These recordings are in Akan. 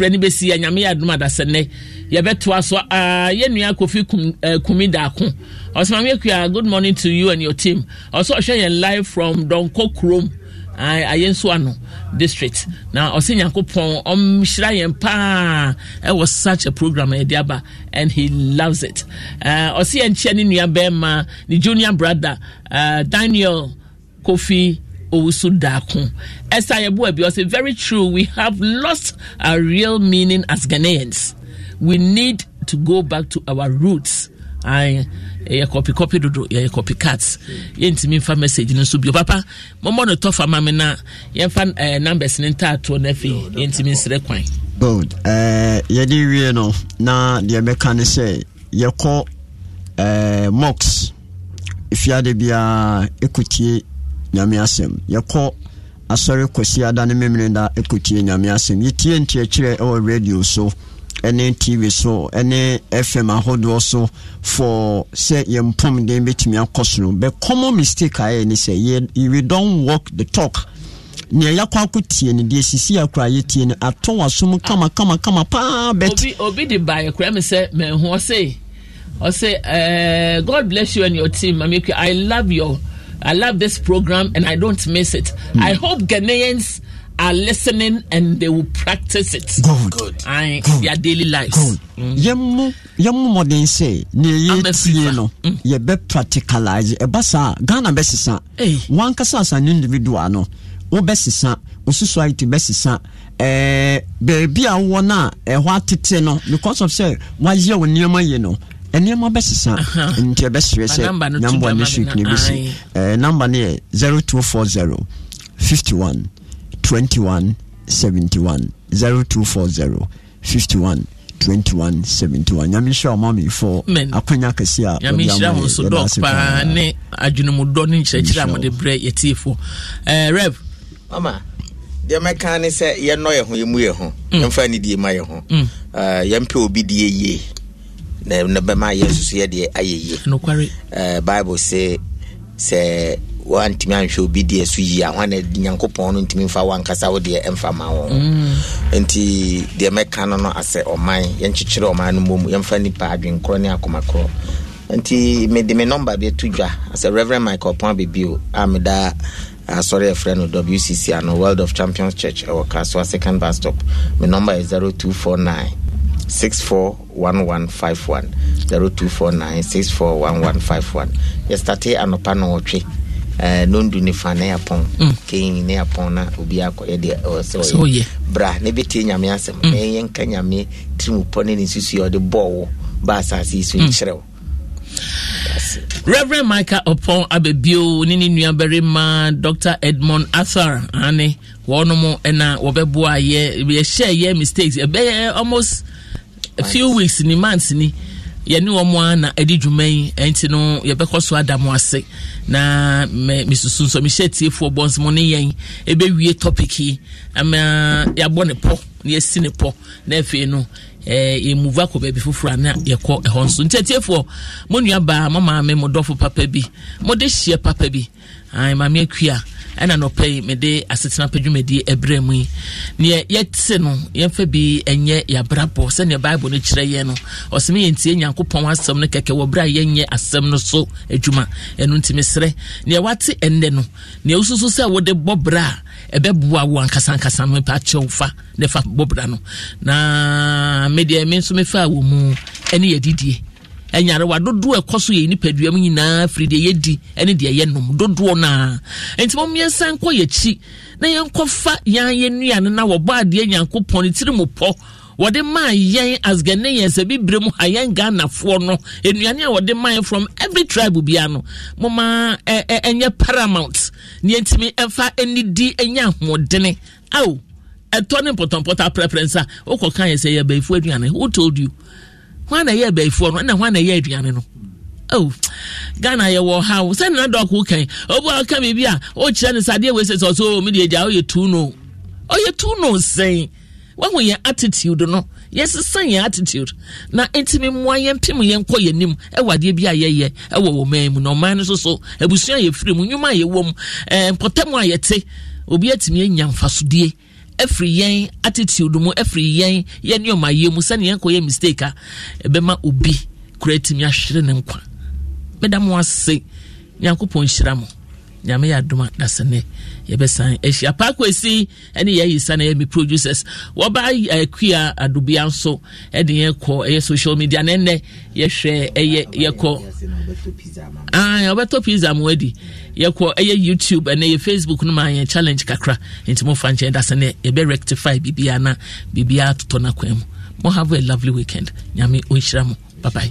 foforɔ ni bɛsi anyame yɛ adum adasɛnɛ yɛbɛtoa so aa yɛn nua eh, kumi daako ɔsɛn maame ekuya good morning to you and your team ɔsɛ ɔhwɛ yɛn live from dɔnko kurom eh, ayɛnsoano district na ɔsɛ nyankopɔn ɔmhyira yɛn paa ɛwɔ such a program yɛde aba and he loves it eh, ɔsɛ yɛnkyɛ ne nua ne junior brother uh, daniel kofi owusu daako esther yebuabi ɔsɛ very true we have lost our real meaning as ghanaians we need to go back to our roots ayi ɛyɛ kɔpi kɔpi dodo ɛyɛ kɔpi cat yɛntumi nfa message no nso bio papa mɔmɔ no tɔfa ma mi na yɛnfa ɛɛ numbers ne ntaatoɔ n'afɛ yɛntumi nsrɛ kwan. good ɛɛ yɛde wie no na deɛ mɛka ne sɛ yɛkɔ ɛɛ mocks efiade biara ekutie nyame asɛm yɛkɔ asɔre kɔsi ada ne memene da ɛkɔtie nyame asɛm yɛtie ntiakyerɛ ɛwɔ radio so ɛne tv so ɛne fm ahodoɔ so for sɛ yɛn mpɔmden bɛtumi akɔ soro but common mistake a yɛ ne sɛ we don walk the talk nea yɛakɔ akɔtie no deɛ sisi akora yɛtie no atɔ wasom kama kama kama paa bet obi, obi de ba yɛkora me sɛ manhoɔ se ɔse uh, god bless you and your team mamekua i love your I love this program and I don't miss it. Mm. I hope Ghanaians are listening and they will practice it. Good. Good. I, Good. Your daily life. Good. Mm. yɛmu mɔden sɛ ne yɛtie no hmm. yɛbɛ practicalise ɛba e saa ghana bɛsesa wankasa asa ne individual no wobɛsesa wo society bɛsesa ɛɛ e, baabi a wowɔ no e a ɛhɔ atete no because of sɛ woayɛ wo nneɛma yie no nneɛma bɛsesa nti ɛbɛserɛ sɛ number ne so ikune bi si number no yɛ 0240 51 71 0240 51 71 nyame hyɛ ɔma mefo akwanya kɛse a nyamehyira wo so dɔk paa ne adwenemudɔ ne nkyerɛkyerɛ a mode berɛ yɛtiefo eh, rev mama deɛ mɛka ne sɛ yɛnɔ yɛ ho yɛmu yɛ ho mm. yɛmfa ne die ma yɛ ho mm. eh, yɛmpɛ obi deɛ yie na na bɛma yɛ nso so yɛdeɛ ayɛ yie bible sɛ sɛ wantumi anhwɛ obi deɛ so yie a wane nyankopɔn no ntumi mfa wankasa wo deɛ ɛmfa ma wɔn mm. nti deɛ mɛka no no asɛ ɔman yɛnkyekyere ɔman no mmom yɛmfa nnipa adwenkorɔ ne akomakorɔ nti mede me nɔmba bi to dwa sɛ reverend michael pon bebio a meda asɔre yɛfrɛ no wcc ano world of champions church ɛwɔ kasoa second bus stop me nɔmba yɛ 0249 641151 yɛstate anɔpa no wɔtwe Uh, nondu ne fa na yɛapɔn mm. kɛi yɛapɔn na obi eh, oh, bra na bɛtie nyame asɛm mm. na eh, yɛnka nyame tirimupɔ ne ne susua ɔde bɔɔ wo ba asase yi so nkyerɛ mm. wo Reverend Michael Opon Abebio ne ne nuabarima Dr. Edmond Arthur ane wɔnom ɛna wɔbɛboa yɛhyɛ yɛ mistakes ɛbɛyɛ almost A few weeks ni months ni yɛne wɔn a na ɛde dwuma yi ɛnti no yɛbɛkɔ so ada mo ase na mɛ misusu nso mehyɛ tiefoɔ bɔ nso mo ne yɛn ebɛwie topic yi ama yɛabɔ ne pɔ na yɛsi ne pɔ na afei no ɛɛ yɛmuva kɔ baabi foforɔ ana yɛkɔ ɛhɔ nso nti atiefoɔ mo nua baa mo dɔfo papa bi mo de papa bi ɛn akua ɛna nɔpɛ yi mede asetena pɛ dwumadi ɛberɛ mu yi neɛ yɛte no yɛmfa bi ɛnyɛ yɛabrabɔ sɛneɛ bible no kyerɛ yɛ no ɔsɛ me yɛntie nyankopɔn asɛm no kɛkɛ wɔ berɛ a yɛnyɛ asɛm no so adwuma ɛno nti mesrɛ neɛ wate ɛnnɛ no neɛ wosusu sɛ wode bɔ berɛ a ɛbɛboa wo ankasankasa no mepɛ akyɛw fa ne fa bɔ berɛ no na medeɛ me nso mefa wɔ mu ɛne yɛdidie ɛnyarewa dodoɔ ɛkɔ so yɛ nipadua mu nyinaa firi deɛ yɛdi ɛne deɛ yɛnom dodoɔ naa nti mo mmiɛnsa nkɔ yɛkyi na yɛnkɔfa yɛn yɛn nuane na wɔbɔ adeɛ nyankopɔn ne tiri mu pɔ wɔde maa yɛn asgane yɛn sɛ bibire mu ha yɛn ghanafoɔ no nnuane a wɔde maa yɛn from every tribe biara no mo ma ɛnyɛ paramount ne yɛntumi ɛfa anidi ɛnyɛ ahoɔdene awo ɛtɔ ne mpɔtɔmpɔtɔ aprɛprɛ nsa wokɔka yɛ sɛ yɛbɛyifoɔ aduane who told you hwan na ɛyɛ abɛifoɔ no ɛna hwan na ɛyɛ aduane no oh ghana ha haw sɛne na dɔko kan ɔbua ɔka a ɔkyerɛ no sadeɛ wei sɛ sɛ ɔsɛ mede agya ɔyɛ ɔyɛ yɛn attitude no yɛn attitude na ntumi mmoa yɛn mpem yɛn kɔ yɛn nim ɛwɔ adeɛ bi a yɛyɛ ɛwɔ wɔn man mu na ɔman no soso abusua yɛfiri mu ɛɛ a yɛte obi atumi anya ɛfiri yɛn attitude mu ɛfiri yɛn yɛn nneɛma yɛ mu sani yɛn kɔ mistake a ɛbɛma obi kura etimi ahwere ne nkwa bɛda mo ase nyankopɔn hyira mo nyame yɛ adoma dasa ne yɛbɛsan ahyia paako esi ɛne yɛ ayisa na yɛmi producers wɔba akua adobia nso ɛde yɛn kɔ ɛyɛ social media na ɛnɛ yɛhwɛ ɛyɛ yɛkɔ aa ɔbɛtɔ pizza mu adi yɛkɔ ɛyɛ youtube ɛnɛ yɛ facebook no ma yɛn challenge kakra nti mo fa nkyɛn da sɛ ne yɛbɛ rectify biribiara na biribiara totɔ no akwan mu mo have a lovely weekend nyame ɔnhyira mo bye bye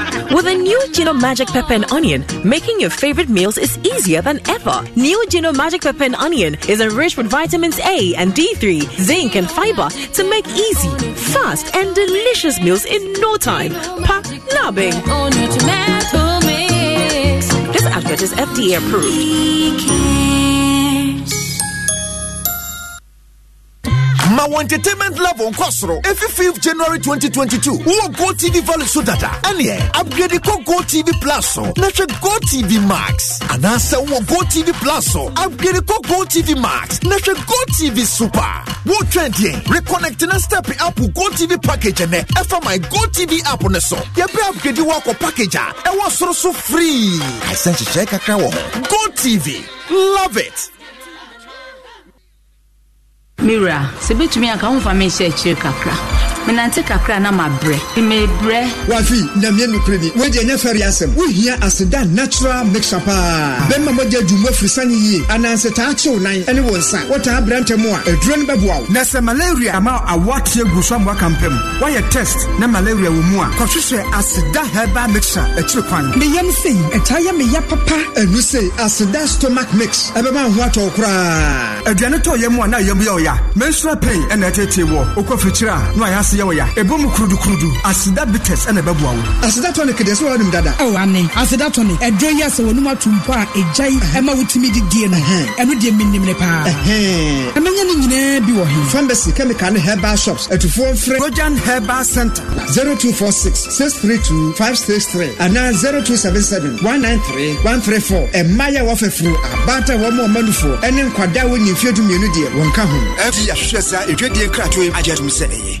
With a new Gino Magic Pepper and Onion, making your favorite meals is easier than ever. New Gino Magic Pepper and Onion is enriched with vitamins A and D3, zinc and fiber to make easy, fast, and delicious meals in no time. Pa nabbing. This advert is FDA approved. ma wɔn entertainment level nkɔ soro efi fifth january twenty twenty two wɔ go tv value so dada ɛnìyɛ upgrade kɔ go tv plus so na go tv max anaasɛ wɔ go tv plus so upgrade kɔ go tv max na go tv super wotwɛn deɛ reconnect na step up go tv package nɛ ɛfa my go tv app ne so yɛbɛ upgrade wɔ akɔ package a ɛwɔ soro so free. àìsàn ṣiṣẹ́ kakra wɔ hɔ go tv love it mira sɛ bɛtumi anka womfa menhyɛ akyire kakra menante kakra na mabrɛ mebrɛ wafi nyame nokorɛ ni wode ɛnyɛ fɛre asɛm wohia aseda natural mixture paa bɛma mɔgya adwuma afiri sane yie anansɛ taa kyew nan ne wo nsa wotaa berantɛ mu a aduro no bɛboa wo na sɛ malaria ama awoateɛ gu so amoa kampam woayɛ test na malaria wɔ mu a kɔhwehwɛ aseda herbal mixture akyiri kwan meyam sei ɛtaa yɛ meya papa ɛnu sei aseda stomach mix ɛbɛma ho atɔw koraa aduane tɔɔyɛ mu a na yɛm yɛ ɔya mensura pain ɛna ɛtetee wɔ wokɔ firikyiri a na ayɛ aseɛ wɔ ya ɛbɔ mu kurudukurudu aseda bitters ɛna ɛbɛboa wo aseda tonic deɛ sɛ wɔnim dada ɛwɔ ane aseda tonic ɛdurɔ yi asɛ wɔnom ato mpo a ɛgyae ɛma wotumi de die no ɛno deɛ menim ne paa ɛmɛnyɛ no nyinaa bi wɔ he pharmacy chemical ne herbal shops atufoɔ mfrɛ rojan herbal center 0246 632 seven anaa 0277 193 134 ɛmma yɛ wɔfɛforo abaata wɔ ma ɔmanufoɔ ɛne nkwadaa wɔnyimfeɛ dumienu deɛ wɔnka ho afei ahwehwɛ saa ɛdwadie nkratoe agye atom sɛ ɛyɛ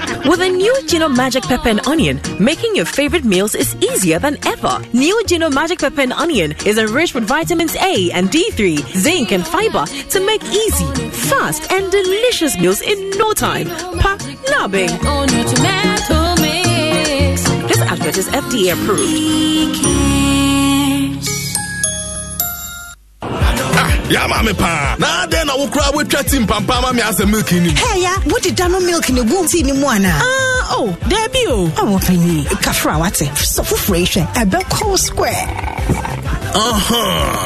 With a new Gino Magic Pepper and Onion, making your favorite meals is easier than ever. New Gino Magic Pepper and Onion is enriched with vitamins A and D3, zinc and fiber to make easy, fast, and delicious meals in no time. Pa nabbing. This advert is FDA approved. yàmà mi paa n'adé na wokura wetwa ti mpampama mi asɛ milk ni ya, hɛya wodi dano milk na egu tea ni mu ana. o dɛbi o. ɔwɔ panyin kafra wate sɔ foforɔ yi hwɛ ɛbɛ kɔɔ square.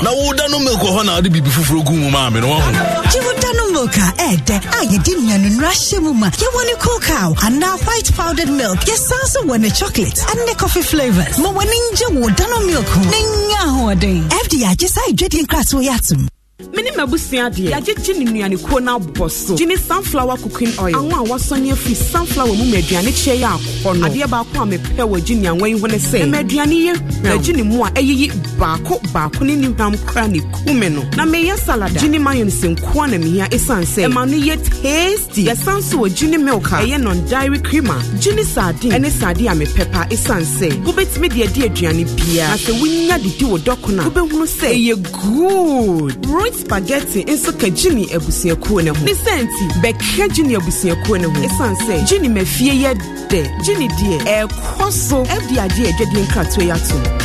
na woda no milk wɔ hɔ na wode biribi foforɔ gu mu maa me no wahu gyewo da no milk a ɛɛdɛ a yɛde nnuanonura hyɛ mu ma yɛwɔ ne cocow anaa white powdered milk yɛsan so wɔ ne chocolate ɛne coffee flavors ma wɔne ngye wo da milk ho na nya ahoɔden fda agye saa adwadie nkratoɔ yɛ atom mene mabusua deɛ yɛagye gye ne nnuanekuo no abɔ so gye ne sunflower cooking oil awo a wɔasɔne afiri sunflower mu ma aduane kyerɛ yɛ akɔ no adeɛ baako a mepɛ wɔ agye neanwa yi ho ne sɛ e ma aduane yɛ agye ne mu a ɛyiyi e baako baako ne ne hwam kora ne kume no na meyɛ salada gye ne mayonnaise nkoa na mehia ɛsiane sɛ ɛma no yɛ tasty yɛsan so wɔ gye ne milk a ɛyɛ non-dairy cream a gye ne sardine ne sardine a mepɛ pa ɛsiane sɛ wobɛtumi de adi aduane biara na sɛ wonya didi wɔ dɔko a wobɛhunu sɛ ɛyɛ e good french spaghetti nso ka gini abusuakuo no ho ne sɛnti bɛka gini abusuakuo no ho ɛsiane sɛ gini mafie yɛ dɛ gini deɛ ɛɛkɔ so ɛde adeɛ adwadeɛ nkratoa yɛ ato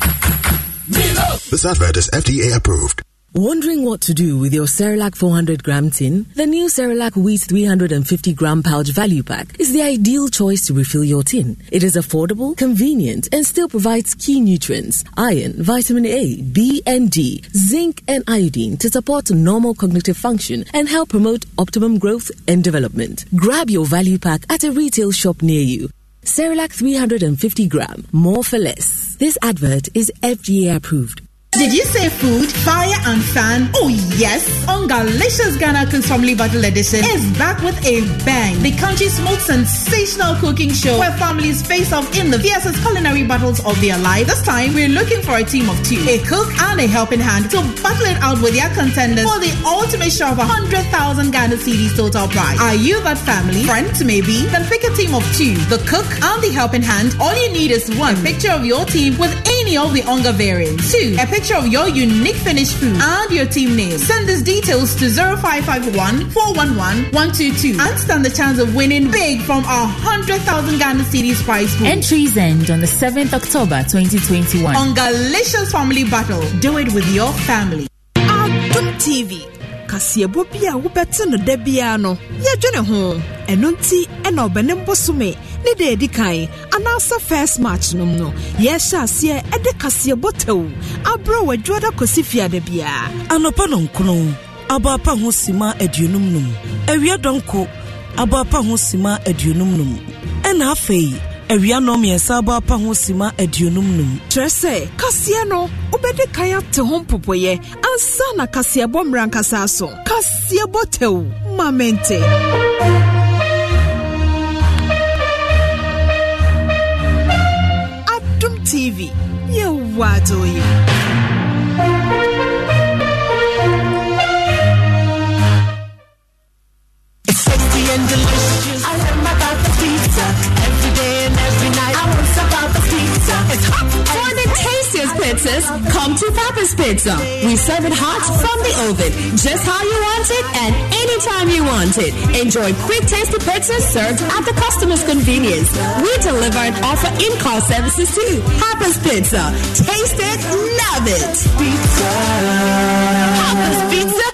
This advert is FDA approved. Wondering what to do with your Cerelac 400 gram tin? The new Cerelac Wheat 350 gram pouch value pack is the ideal choice to refill your tin. It is affordable, convenient, and still provides key nutrients iron, vitamin A, B, and D, zinc, and iodine to support normal cognitive function and help promote optimum growth and development. Grab your value pack at a retail shop near you. Cerelac 350 gram, more for less. This advert is FDA approved. Did you say food, fire, and fan? Oh, yes. Ungalicious Ghana Cooks Family Battle Edition is back with a bang. The country's most sensational cooking show where families face off in the fiercest culinary battles of their life. This time, we're looking for a team of two, a cook and a helping hand, to battle it out with their contenders for the ultimate show of 100,000 Ghana CDs total prize. Are you that family? Friend, maybe? Then pick a team of two, the cook and the helping hand. All you need is one picture of your team with a any of the onga variant. 2. A picture of your unique finished food and your team name. Send these details to 0551 411 122 and stand the chance of winning big from our 100,000 Ghana City prize pool. Entries end on the 7th October 2021. On Family Battle. Do it with your family. Our TV akaseɛbɔ bi a wobɛte no da biara no yɛdwene ho ɛno nti ɛna ɔbɛne bosome ne da edi kan anaasɛ first match nom no yɛhyɛ aseɛ ɛde kaseɛbɔ tɛw abrɛ wɔ adwada kɔsi fiada biara anɔpa no nkono abɔapa ho sima aduonum nom awia dɔnko abɔapa ho sima aduonum nom ɛna afei awia nnɔm yɛnsa abɔ apa ho sima aduonum num kyerɛ sɛ kaseɛ no wobɛde kae ate ho mpopɔyɛ ansa na kaseɛbɔ mmara nkasa so kaseɛbɔ tɛw ma mente TV. You waddle For the tastiest pizzas, come to Papa's Pizza. We serve it hot from the oven, just how you want it and anytime you want it. Enjoy quick, tasty pizzas served at the customer's convenience. We deliver and offer in-call services too. Papa's Pizza. Taste it, love it. Pizza. Papa's Pizza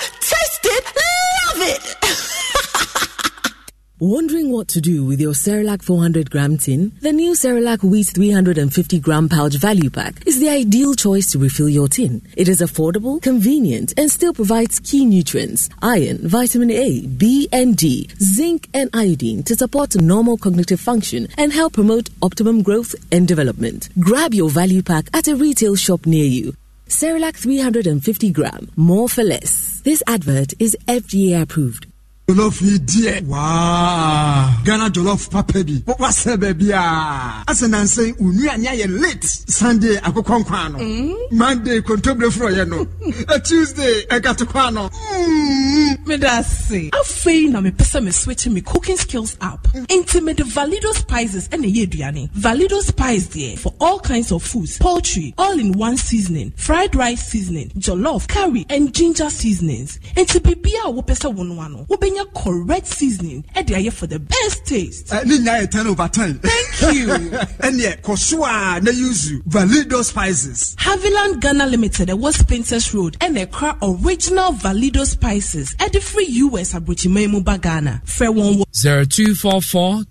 Wondering what to do with your Cerelac 400 gram tin? The new Cerelac Wheat 350 gram pouch value pack is the ideal choice to refill your tin. It is affordable, convenient, and still provides key nutrients iron, vitamin A, B, and D, zinc, and iodine to support normal cognitive function and help promote optimum growth and development. Grab your value pack at a retail shop near you. Cerelac 350 gram, more for less. This advert is FDA approved jollof yi deɛ waa ghana jollof papa bi wɔsɛ baabi a asɛ nansɛn onua ne ayɛ late sunday akokɔ nkwan eh? no monday kontobire foro yɛ no tuesday ɛkato kwan no. Mm mede ase afei na mepɛ sɛ meswitche me cooking skills up Intimate valido spices and ɛyɛ aduane valido spice deɛ for all kinds of foods poultry all in one seasoning fried rice seasoning jollof curry and ginger seasonings nti be a wopɛ sɛ wo noa correct seasoning And ayɛ for the best taste eh, ne nyinaa 10 over 10 thank you And kɔ so a na yuzu valido spices haviland ghana limited West Princess road a cra original valido spices ɛde Free us abrokyima mu ghana 0244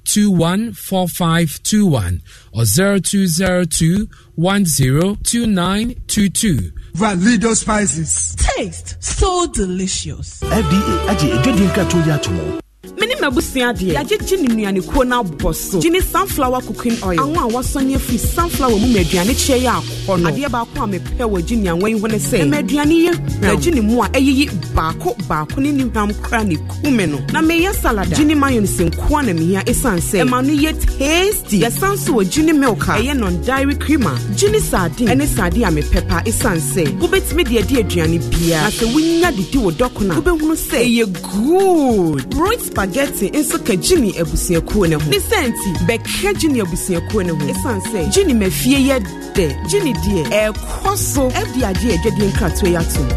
or 0202 102922 Valido spices. Taste so delicious. FDA, Aji, Ejodi Nkatoya Tumo. mene mabusua deɛ yɛagye gye ne nnuanekuo no abɔ so gye ne sunflower cooking oil awo a wɔasɔne afiri sunflower mu ma aduane kyerɛ yɛ akɔ no adeɛ baako a mepɛ wɔ agye nneawa yi ho ne sɛ ɛma aduane yɛ agye ne mu a ɛyiyi baako baako ne ne hwam kora ne kume no na meyɛ salad gye ne mayonnaise nko a na mehia ɛsiane sɛ ɛma no yɛ tasty yɛsan so wɔ gye ne milk a ɛyɛ non dairy cream gye ne saaden ɛne saaden a mepɛ pa ɛsiane sɛ wobɛtumi de adi aduane biara na sɛ wonya didi wɔ dɔko no wobɛhunu sɛ ɛyɛ spaghetti nso ka gini abusuakuo ne ho ne sɛnti bɛka gini abusuakuo ne ho ɛsiane sɛ gini mafie yɛ dɛ gini deɛ ɛɛkɔ so ɛde adeɛ adwadeɛ nkratoa yɛ atom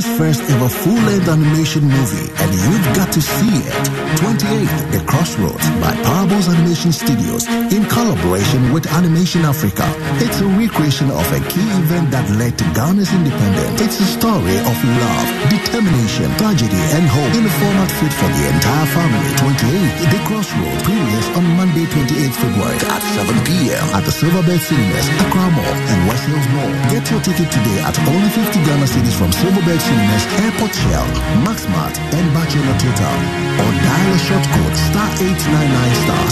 China's first ever full-length animation movie, and you've got to see it. 28th, The Crossroads by Parables Animation Studios in collaboration with Animation Africa. It's a recreation of a key event that led to Ghana's independence. It's a story of love, determination, tragedy, and hope in a format fit for the entire family. 28th, The Crossroads premieres on Monday, 28th February at 7 p.m. at the Silverbed Cinemas, Accra Mall, and West Hills Mall. Get your ticket today at only 50 Ghana cities from Silverbed Cinemas, Airport Shell, MaxMart, and Bachelor Theatre. Or dial a short code star 899 star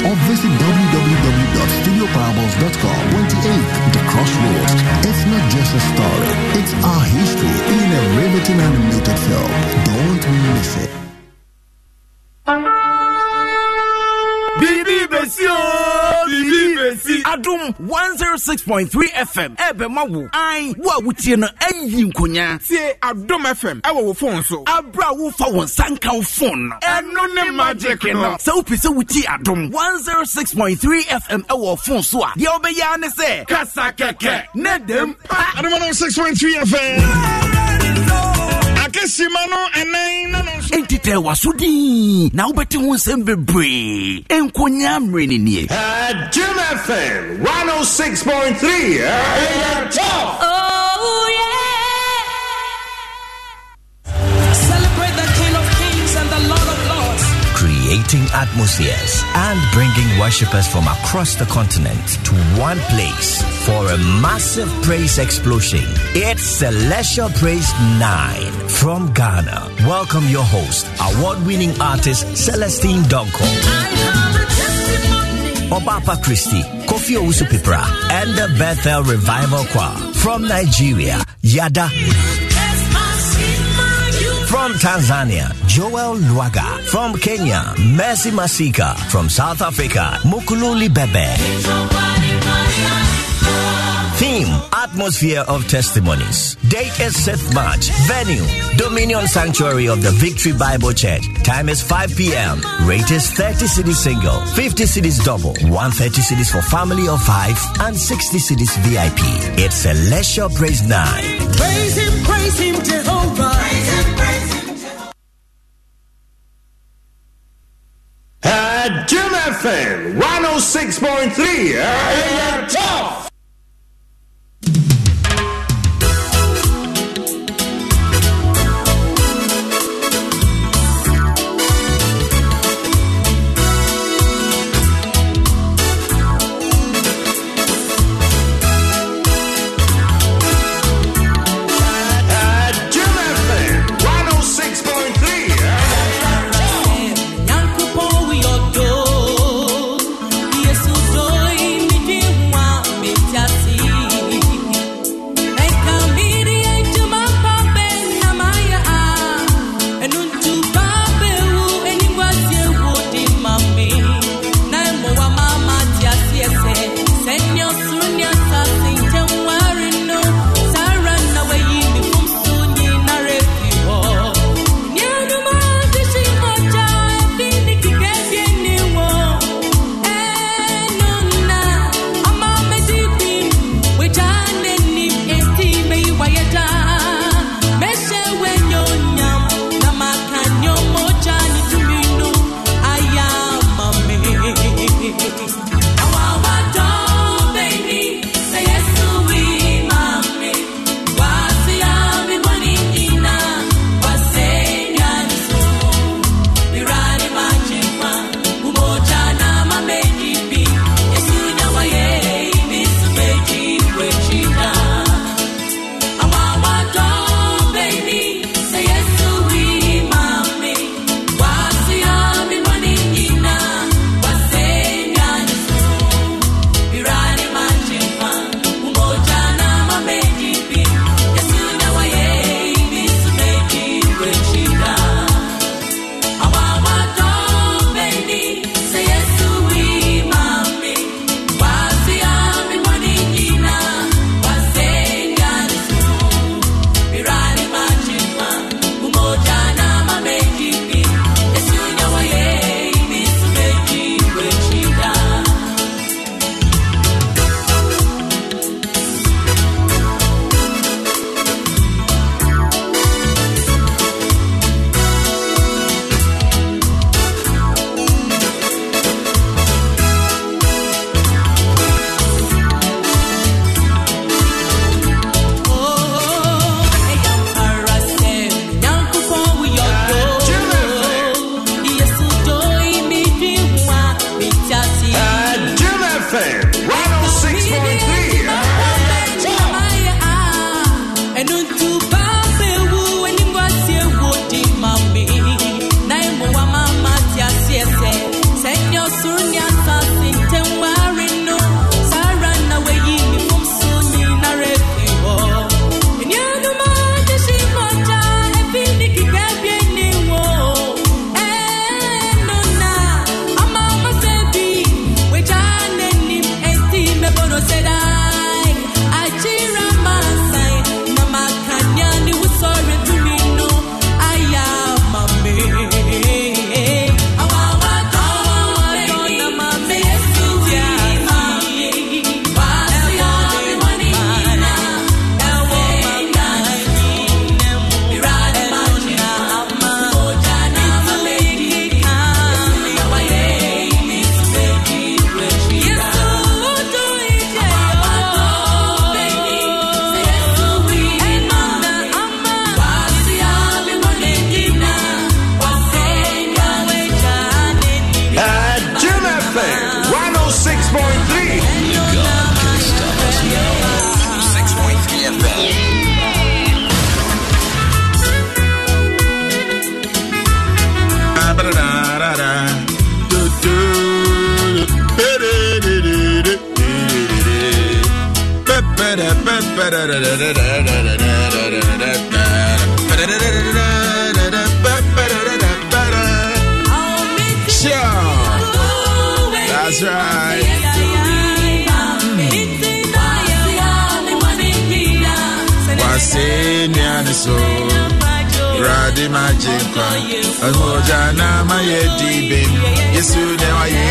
60 hash or visit www.studioparables.com 28 The Crossroads. It's not just a story, it's our history in a riveting animated film. Don't miss it. ìbèsí o bìbí ìbèsí. adum one zero oh six point three fm ẹ bẹ ma wo ayin wo a wotie no ẹ yi nkonya. tie adum fm ẹ wọ wo fone so. abúlé awo fa wọn sankan fone na. ẹnu ni magic nọ. sẹ o pèsè o adum one zero oh six point three fm ẹ wọ fone so a. diẹ o bẹ yá ni sẹ. kasa kẹkẹ ne dem pa. adumanu oh six point three fm akesima no ɛnan na nso. Enti tɛ waso din na wobɛte ho nsɛm bebree nkonya mmere ne nie. Jim FM 106.3 ɛyɛ top. Oh, yeah. creating atmospheres and bringing worshippers from across the continent to one place for a massive praise explosion. It's Celestial Praise 9 from Ghana. Welcome your host, award-winning artist Celestine Donko. Obapa Christie, Kofi Owusu and the Bethel Revival Choir from Nigeria, Yada. From Tanzania, Joel Luaga. From Kenya, Mercy Masika. From South Africa, Mukululi Bebe. Theme Atmosphere of Testimonies. Date is 6th March. Venue Dominion Sanctuary of the Victory Bible Church. Time is 5 p.m. Rate is 30 cities single, 50 cities double, 130 cities for family of 5, and 60 cities VIP. It's a leisure praise night. Praise Him, praise Him, Jehovah. Praise him. Jim FM 106.3. Hey, you're tough! nyinaa mayɛ di bem yesu dɛ wayɛ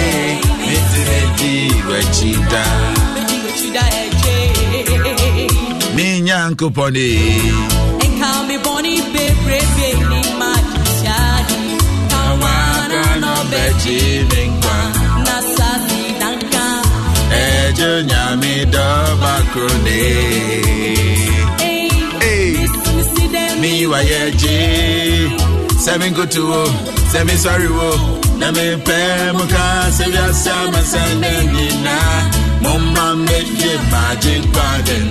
metemedi wakyi daa menyankopɔn ee ejo nyami doba krone mi waye ji to sorry Na me pe se ya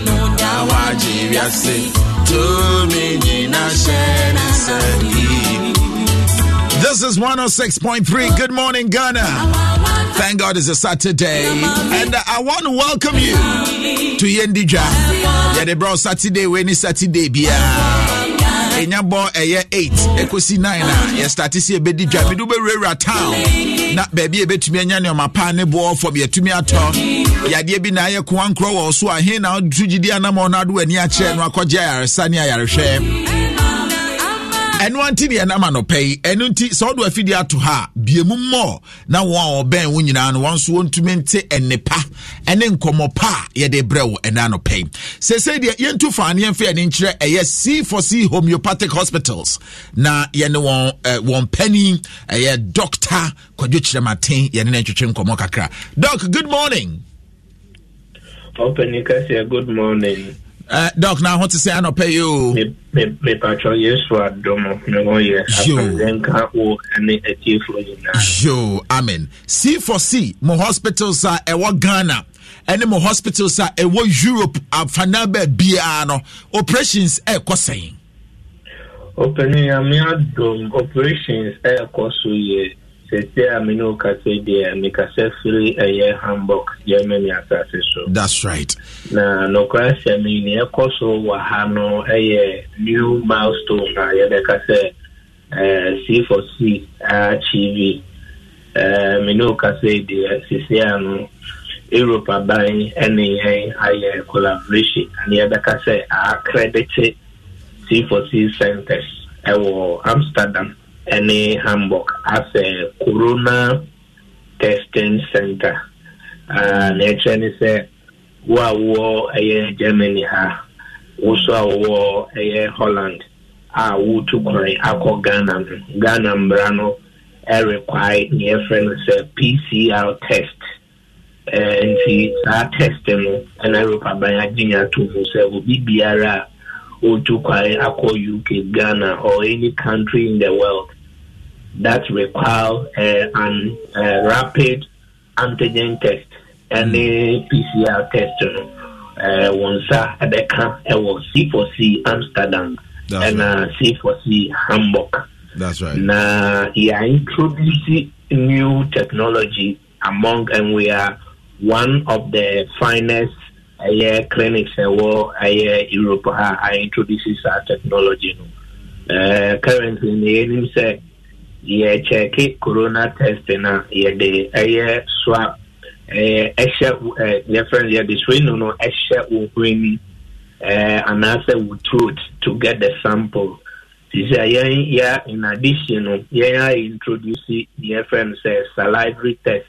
no ya se. To me This is 106.3. Good morning, Ghana. Thank God it's a Saturday. And uh, I want to welcome you to Yendija. Yeah, they brought Saturday, when is Saturday, yeah. ɛnya bɔ ɛyɛ 8 ɛkɔsi 9 a yɛstarte sɛ yɛbɛdi dwa mede wobɛwurawura town na baabi a yɛbɛtumi anya paa ne boɔ fam yɛatumi atɔ yadeɛ bi na ayɛ koa nkorɔ wɔ so a na woto gyidi anama ɔno ado akyerɛ no akɔgye ayaresa ne ayarehwɛ ɛno anti deɛ ɛnam anɔpɛ yi ɛno nti sɛ wode afidi ato ha a biemu mmɔɔ na wɔn a wɔbɛn wo nyinaa no wɔn nso wɔntumi nte ɛnepa ɛne nkɔmmɔ pa a yɛde brɛ wo ɛna anɔpɛ yi sɛsei deɛ yɛntu fa ne yɛmfa yɛne nkyerɛ ɛyɛ c for c homeopathic hospitals na yɛne wɔn eh, wɔn pani ɛyɛ doctor kwadwo kyerɛmaten yɛne no ntwetwe nkɔmmɔ kakra dɔk good morning ɔpani kaseɛ good morning Uh, doc na ahote sɛ anɔpɛ yi o mepatwɔ yesu adom ne ho yɛ afɛnka wo ne atiefoɔ nyinaa yo amen c for c mo hospitals a ɛwɔ ghana ɛne mo hospitals a ɛwɔ europe afana baa biara no operations ɛɛkɔ sɛn ɔpɛni nyame adom operations ɛɛkɔ so yɛ sese a me ne wo kasa deɛ mekasa firi ɛyɛ hamburg germany asase so that's right na nokwara sɛm yi ne ɛkɔ so wɔ ha no ɛyɛ new milestone a yɛbɛka sɛ eh, c for c achieve eh, me ne wo kasa deɛ sese a no europe aban ɛne yɛn ayɛ collaboration ane yɛbɛka sɛ aakredite c for c centers ɛwɔ amsterdam ɛne hamburg asɛ corona testing center uh, na ɛkyerɛ ne sɛ wo a wowɔ ɛyɛ germany ha wo so a wowɔ ɛyɛ holland a wotu kwan akɔ ghana no ghana mmara no ɛrekwae ne yɛfrɛ no sɛ pcr test uh, nti saa test no ɛna repaban agyenya to mu sɛ obi biara a wotu kwan akɔ uk ghana or any country in the world that require uh, an uh, rapid antigen test uh, a PCR test no uh, wɔn nsa ɛbɛka was c for c Amsterdam and right. c for c Hamburg. That's right. Na you are introducing new technology among, and we are one of the finest uh, clinics in uh, uh Europe. I uh, introduces our technology. Uh, currently, in the yɛkyɛke corona test no yɛde ɛyɛ swab ɛhyɛ yɛfrɛ no yɛde swinu no ɛhyɛ wo hwani anaasɛ wo throat to get the sample ti yɛn yɛ in addition no yɛn a introduce yɛfrɛ no sɛ salivary test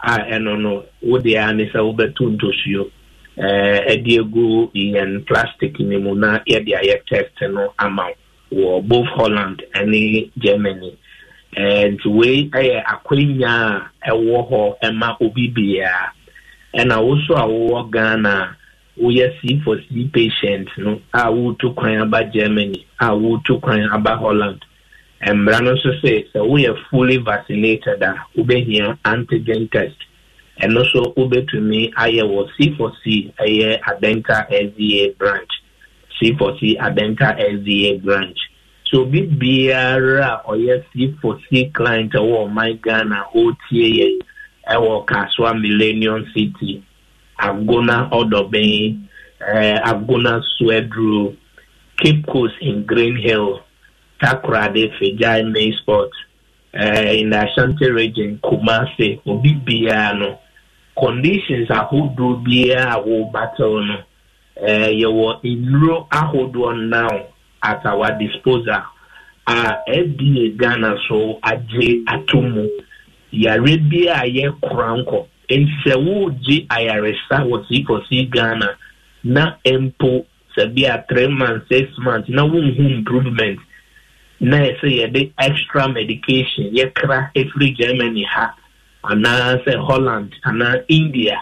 a ɛno no wode a ne sɛ wobɛto ntosuo ɛde egu yɛn plastic ne mu na yɛde ayɛ test no ama wɔ both holland ɛne germany nti wei yɛ eh, akwanya a eh, ɛwɔ hɔ eh, ma obi biara ɛna woso a wowɔ ghana woyɛ c for c patient no a wotu kwan aba germany a wotu kwan aba holland mmara no nso sɛ sɛ fully vaccinated a wobɛhia antigen test ɛno nso wobɛtumi ayɛ wɔ c for c ɛyɛ adenka sda branch c for c adenka sda branch so obi biara a ɔyɛ c for c client ɛwɔ ɔman ghana ɔretie yɛn ɛwɔ kasoa millennium city agona ɔdɔbɛn ɛɛ eh, agona sueduro cape coast in green hill takoradi fijayi main sport ɛɛ eh, in the ashanti region kumase obi biara no conditions ahodoɔ biara a wɔrebattle no ɛɛ eh, yɛwɔ nnuro ahodoɔ now at our disposal a fda ghana so agye ato mu yare bi a yɛ kora nkɔ nsɛ wogye ayaresa wɔ sikɔsi ghana na mpo sɛbi a three months six months na wonhu improvement na ɛsɛ yɛde extra medication yɛkra efiri germany ha anaasɛ holland anaa india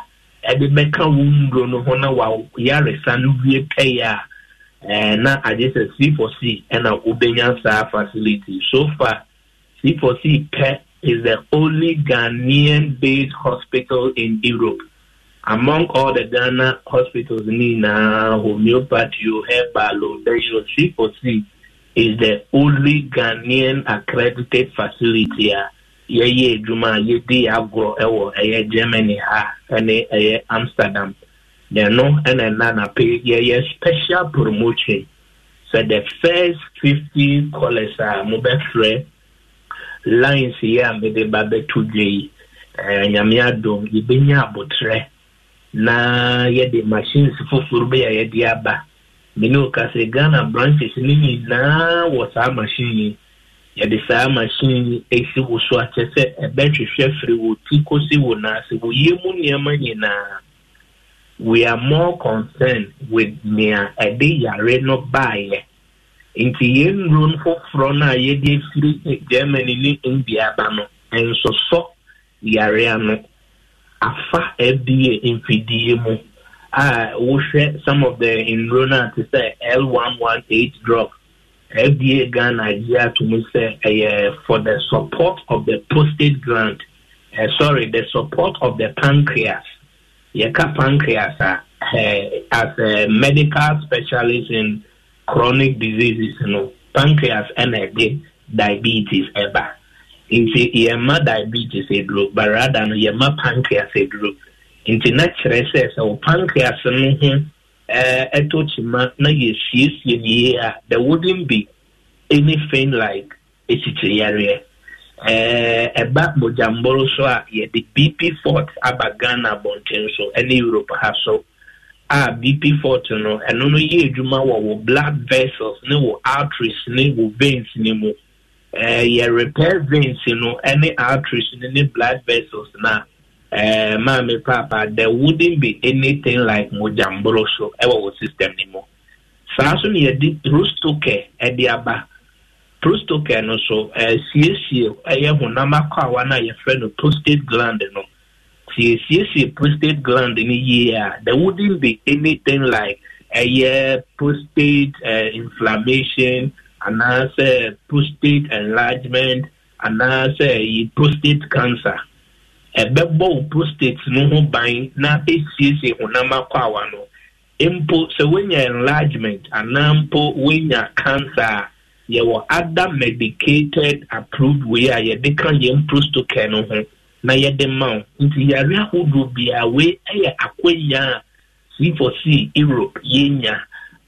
ɛde bɛka wo nduro no ho na wa yaresa no wie pɛyɛ a Eh, na agye sɛ c4c ɛna e wobɛnya saa facility so far c for c pɛ is the only ghanaian based hospital in europe among all the ghana hospitals nyinaa homeopathy o herbal o deyo c for c is the only ghanaian accredited facility a yɛyɛ adwuma a yɛdi agorɔ ɛwɔ ɛyɛ germany ha ɛne ɛyɛ amsterdam ɛno ɛna ɛna anapɛ yɛyɛ special promotion sɛ so the first fifty callers a mobɛfrɛ lines yɛ a mede ba bɛto dwa yi ɛɛ nyame adom yɛbɛnya abotrɛ na yɛde machines foforɔ bi a yɛde aba mene okasɛ ghana branches no nyinaa wɔ saa machine yi yɛde saa machine yi esi wo so akyɛ sɛ ɛbɛhwehwɛ firi wo ti kosi wo naase wo yie mu nneɛma nyinaa we are more concerned with nea ɛde yare no baeɛ nti yɛn nnuro no foforɔ no a yɛde afiri eh, germany ne india ba no nsosɔ yare ano afa fda mfidie mu a ah, wohwɛ some of the nnuro no a te sɛ l118 drug fda ghana agye ato mu sɛ ɛyɛ for the support of the postage grant uh, eh, sorry the support of the pancreas yɛka pancreas a uh, uh, as a medical specialist in chronic diseases no pancreas ɛna ɛde diabetes ɛba nti yɛma diabetes eduro but rather no yɛma pancreas eduro nti na kyerɛ sɛ sɛ wɔ pancreas no ho uh, ɛtɔ kyima na yɛsiesie ne yie a there wouldn't be anything like esikyiriyareɛ ɛba eh, mogyamboro so a yɛde bp fort aba ghana abɔnten so ne europe ha so a bp fort no ɛno no yɛ adwuma wɔ wo blood vessels ne wo arteries ne wo veins ne mu yɛ repair veins no ne arteries no ne blood vessels na eh, maame papa there wouldn't be anything like mogyamboro so ɛwɔ wo system ne mu saa so na yɛde prostoke ɛde aba prostoca no so ɛsiesie eh, ɛyɛ eh, honam akɔawa no a yɛfrɛ no prostate gland no sɛ yɛsiesie prostate gland no yie a there wouldn't be anything like ɛyɛ eh, prostate uh, inflammation anaasɛ prostate enlargement anaasɛ ɛyɛ prostate cancer ɛbɛbɔ wo prostate no ho ban na ɛsiesie honam akɔawa no mpo sɛ wonya enlargement anaa mpo wonya cancer a yɛwɔ other medicated approved way a yɛde ka yɛn prostocare no ho na yɛde ma wo nti yare ahodoɔ biara wei yɛ akwanya a c for c europe yɛnya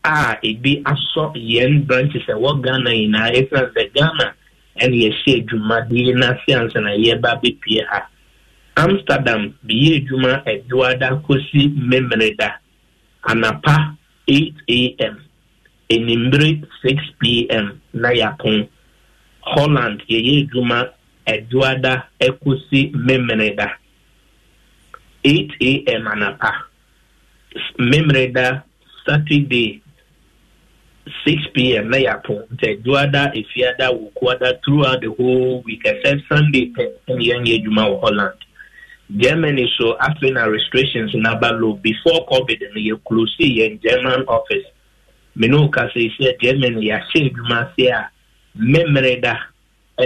a ebi asɔ yɛn branches ɛwɔ ghana nyinaa ɛsiane sɛ ghana ɛna yɛhyɛ adwumadeɛ n'ase ansa na yɛba bepie ha amsterdam biyɛ adwuma adwoada kɔsi memereda anapa 8 a.m enimmere 6pm na yɛako holland yɛyɛ adwuma adwoada ɛkɔsi memreda. 8am anapa memreda saturday 6pm na yɛapo nti adwoada efiada wokuada throughout the whole week except sunday pɛ ɛne yɛnyɛ adwuma wɔ holland germany so afei na restrictions naba low before covid ni yɛ close yɛn german office mene eh, eh, wo sɛ german yɛahyɛ adwuma ase a memmerɛ da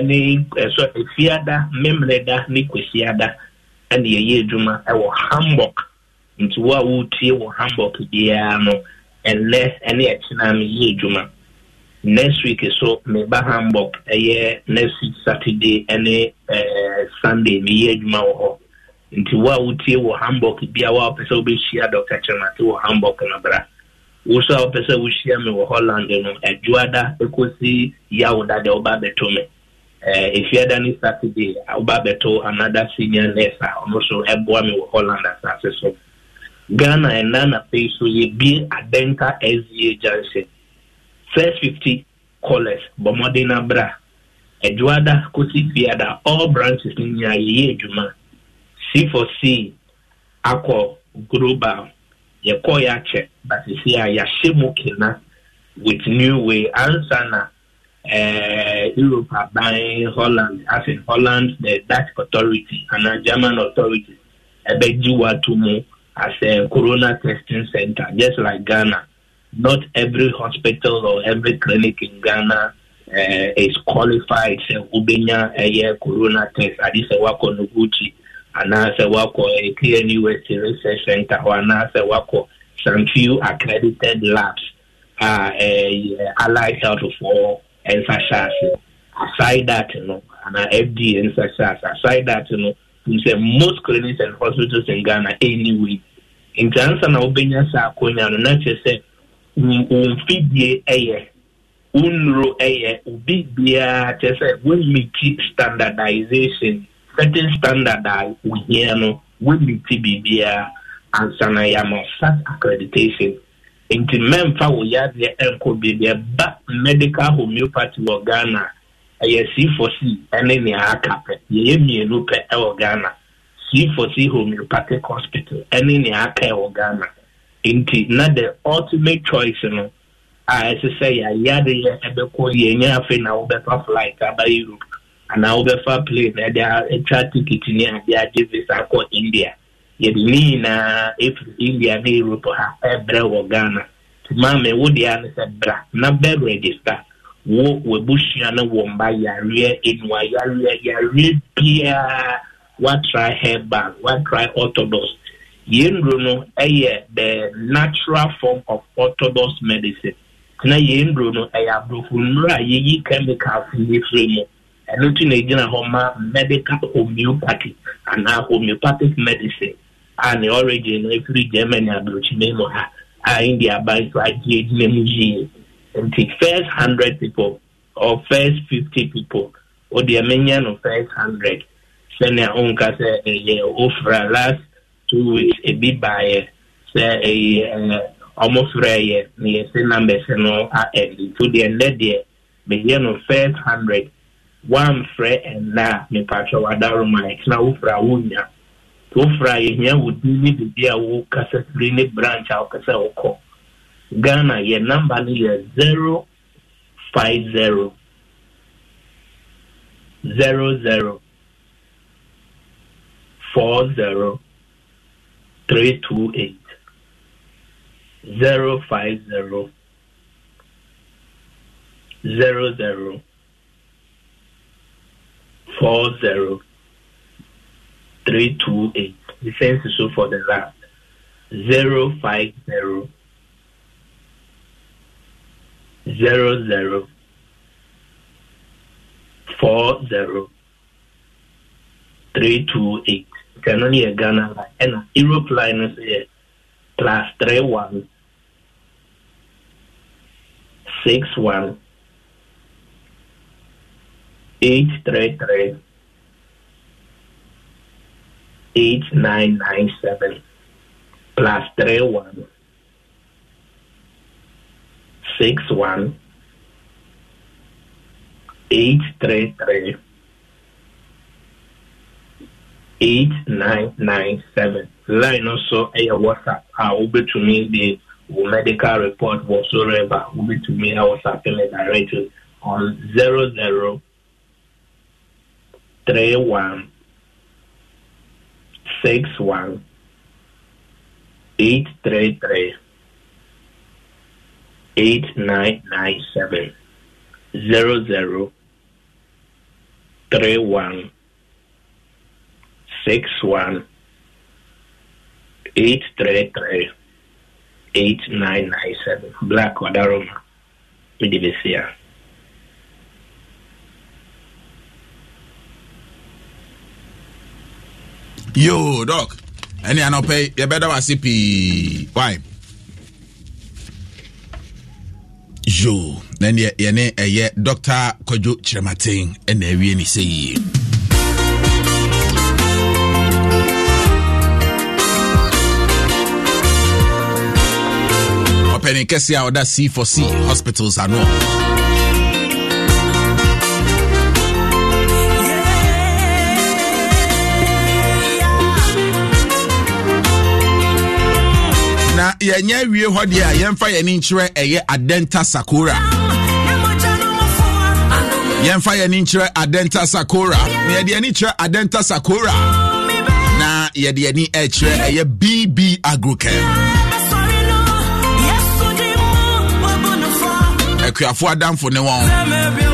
ne ɛsɔ efiada memmerɛ da ne kwasia da ɛne yɛyɛ adwuma ɛwɔ hamburg nti wo a woretie wɔ hamburg biara no ɛnɛ ɛne ɛkyena meyɛ adwuma next week so meba hamburg ɛyɛ eh, next week saturday ɛne sunday meyɛ adwuma wɔ hɔ nti wo a wotie wɔ hamburg biara wo a wopɛ sɛ wobɛhyia dɔkta kyerɛmate wɔ hamburg no bra woso a wopɛ sɛ wohyia me wɔ holland no adwoada e ɛkɔsi e yawoda deɛ woba abɛto me efiada e ne saturday woba abɛto another senior nurse a ɔno so ɛboa me wɔ holland asase so ghana ɛna anapɛi so yɛbie adenka sda junction first fifty collars bɔmmɔden no berɛ a adwoada kɔsi fiada all branches no nyinaa yɛyɛ adwuma c for c akɔ global yɛkɔ yɛ akyɛ but si a yɛahyɛ mu kena with new way ansa na eh, europe aban holland as in holland the dutch authority ana german authority ɛbɛgye wato mu as a corona testing center just like ghana not every hospital or every clinic in ghana uh, is qualified sɛ wobɛnya ɛyɛ corona test ade sɛ wakɔ no gucci anaasɛ wakɔ knus research center hɔ anaasɛ wakɔ some few accredited labs a ɛyɛ e, allied healthfoɔ nsahyɛ ase aside that no anaa fda nsahyɛ ase aside that no n sɛ most clinics and hospitals in ghana anyway nti ansa na wobɛnya saa akonya no na kyerɛ sɛ womfidie ɛyɛ wo ɛyɛ obi biara kyerɛ sɛ womeki standardization certain standard a wohia no womiti biribiara ansa na yɛama sat accreditation nti mmɛmfa wo yadeɛ ɛnkɔ biribi ɛba medical homeopathy wɔ ghana ɛyɛ c4c ɛne nea aka pɛ yɛyɛ mmienu pɛ ɛwɔ ghana c4c homeopathic hospital ɛne ni aka ɛwɔ ghana nti na the ultimate choice no a ɛsɛ sɛ yɛayadeɛ ɛbɛkɔ yɛnyɛ afei na wobɛfa flight aba europe Ana wobɛfa plane na ɛde atwa ticket ne ade agye visa akɔ india yɛde ne nyinaa ɛfiri india ne europe ha ɛbrɛ e wɔ ghana nti maame wo deɛ no sɛ bra na bɛregister wo wabusua no wɔ mba yareɛ ɛnua e yareɛ yareɛ biaa watry herbal watry orthodox yɛnduro no ɛyɛ e the natural form of orthodox medicine tena yɛnduro no ɛyɛ aborɔfo nnuro a yɛyi chemicals ne firi mu ɛno nti na ɛgyina hɔ ma medical homeopathy anaa homeopathic medicine a ne origin no ɛfiri germany aburokyime mu ha a india aban so agye agyina mu yie nti first hundred people or first fifty people o deɛ menyɛ no first hundred sɛnea wonka sɛ ɛyɛ ofra last two weeks ebi baayɛ sɛ ɛyɛ ɔmo frɛ yɛ na yɛsɛ numbers no a ɛdi so deɛ nnɛ deɛ meyɛ no first hundred wamfrɛ ɛnna a mepatwɛ wadaro ma ɛtena wofra wonya wofra yɛhia wo din ne biribi a wokasa firi ne branch a wopɛ wokɔ ghana yɛ namba no yɛ zero five zero zero zero four zero three two eight zero five zero zero zero four zero three two eight. The same is so for the last zero five zero zero zero four zero three two eight. Can only a Ghana line and a Europe line is here plus three one six one eight three three eight nine nine seven plus three one six one eight three three eight nine nine seven. Line also a eh, WhatsApp. I ah, will be to me the medical report whatsoever. Will be to me. I was applying directly on zero zero three one six one eight three three eight nine nine seven zero zero three one six one eight three three eight nine nine seven black wadaroma midibisia yo doc ɛne anɔpɛ yɛbɛda w ase pii why yo na neɛ yɛne ɛyɛ dr kwadwo kyerɛmaten ɛna awie ne sɛ yie ɔpɛni kɛseɛ a ɔda c for c hospitals ano yɛnyɛ wie hɔ deɛ a yɛmfa yɛne nkyerɛ ɛyɛ adenta sakora yɛmfa yɛne nkyerɛ adenta sakora na yɛde ani kyerɛ adenta sakora na yɛde ani ɛkyerɛ ɛyɛ bb agrocam akuafoɔ adamfo ne wɔn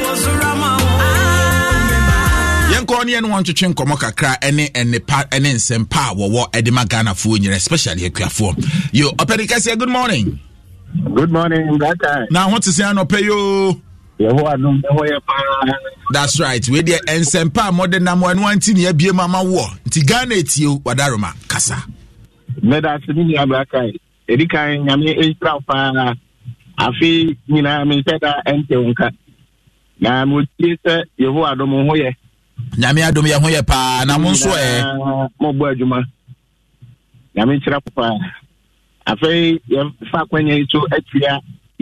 yɛnkɔ ne yɛne wɔntwetwe nkɔmmɔ kakra ne nnepa ne nsɛmpa a wɔwɔ de ma ghanafoɔ nyina especially akuafoɔ yo ɔpɛde kɛseɛ good morning good morning data na ho te sɛ anɔpɛ yo that's right wei deɛ nsɛmpa a mɔde nam ɛno anti ne abie ma ma woɔ nti ghana ɛtio wadaroma kasa mɛda se ne nuabra kae ɛdi kan nyame ɛhyira paa afei nyinaa mensɛ da ɛntewo nka na motie sɛ yɛhɔ adom ho yɛ nyame adom yɛ ho yɛ paa na mo nso ɛ mɔbɔ adwuma nyame nkyerɛ paa afei yɛfa akwanya yi so atia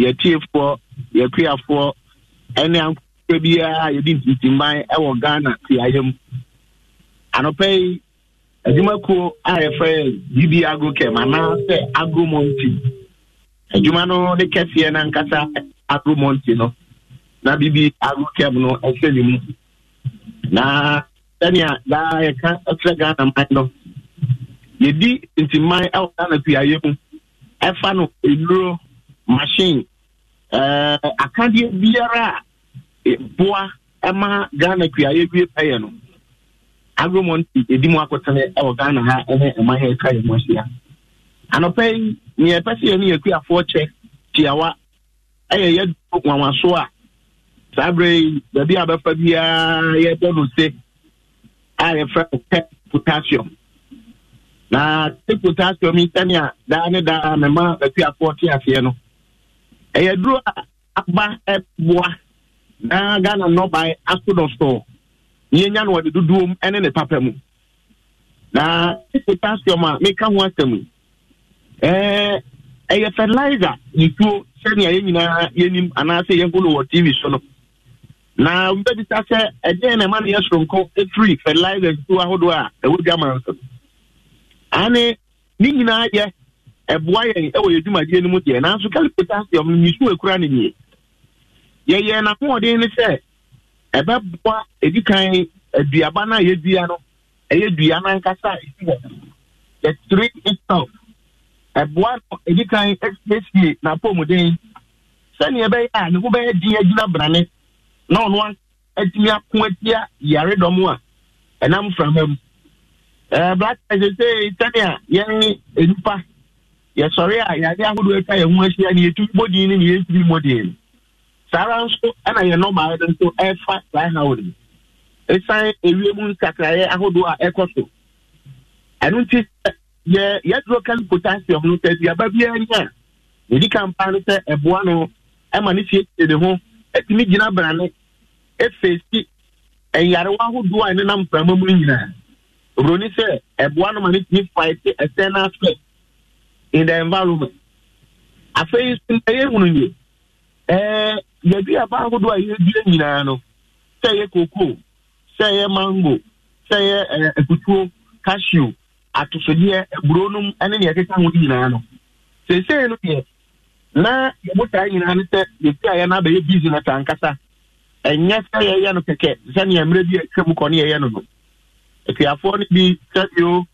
yɛtiefoɔ yɛkuafoɔ ɛne ankoa biara yɛde ntintimban ɛwɔ ghana tiayɛ mu anɔpɛ yi adwumakuo a yɛfrɛ gb agro cam anaasɛ agro monti adwuma no ne kɛseɛ agro monti no na bibi agro no ɛhyɛ ne na sɛnea daa yɛka kyerɛ ghana man no yɛdi ntiman ɛwɔ ghana piayɛ mu ɛfa no nnuro machine akadeɛ biara a boa ɛma ghana kuayɛ wie pɛyɛ no agromɔnti mu akotene ɛwɔ ghana ha ɛne ɛma yɛ ɛka yɛ mu ahyia anɔpɛ yi ɛpɛ sɛ yɛne yɛkuafoɔ kyɛ tiawa ɛyɛ nwanwaso a saa bere yi baabi a bɛfa biara yɛbɔ se a yɛfrɛ no tɛ potassium na te potassium yi sɛnea daa ne daa mema batuafoɔ te aseɛ no ɛyɛ duro a aba ɛboa na ghana nnɔbae aso dɔsɔɔ ne yɛnya no wɔde dodoom ne ne papa mu na te potassium a meka ho asɛm yi ɛɛ ɛyɛ fertilizer nsuo sɛnea yɛn nyinaa yɛnim anaasɛ yɛnkolo wɔ tv so no na wobɛbisa sɛ ɛdeɛn na ɛma ne yɛ soronko ɛfiri fertilizer nsuo ahodoɔ a ɛwɔ dwaman so ane ne nyinaa yɛ ɛboa yɛn ɛwɔ yɛ dwumadie no mu deɛ nanso calipotasium no nyisu akura ne nie yɛyɛ n'ahoɔden ne sɛ ɛbɛboa edi kan aduaba no a yɛdua no ɛyɛ dua no ankasa a ɛsi wɔ yɛtiri itself ɛboa no edi kan asiesie n'apɔmuden sɛnea ɛbɛyɛ a ne ho bɛyɛ din agyina brane na ɔno atumi ako atia yaredɔm a ɛnam frama mu black tie sɛ sɛnea yɛn nnipa yɛsɔre a yɛade ahodoɔ atwa yɛn ho ahyia ne yɛtumi bɔ din ne ne yɛntumi mmɔ din no saa ara nso ɛna yɛn nɔmaa no nso ɛfa saa haw no ɛsan ewiem nsakraeɛ ahodoɔ a ɛkɔ so ɛno nti yɛ yɛduro kan potassium no sɛ aduaba biara ni a yɛdi kan paa no sɛ ɛboa no ɛma ne fie ne ho ɛtumi gyina brane efesi ɛyarewa ahodoɔ a ɛnenam mframa mu nyinaa oburoni sɛ ɛboa no ma ne tumi fight external threat in the environment afei nso na yɛhunu yie ɛɛ yɛdua aba ahodoɔ a yɛdua nyinaa no sɛ yɛ koko sɛ yɛ mango sɛ yɛ ɛɛ atosodeɛ ɛne nea ɛkeka ho no no deɛ na nyinaa no sɛ na abɛyɛ na ta ɛnyɛ sɛ yɛyɛ no kɛkɛ sɛnea mmerɛ bi atwa mu kɔ ne yɛyɛ no no atuafoɔ no bi sɛbio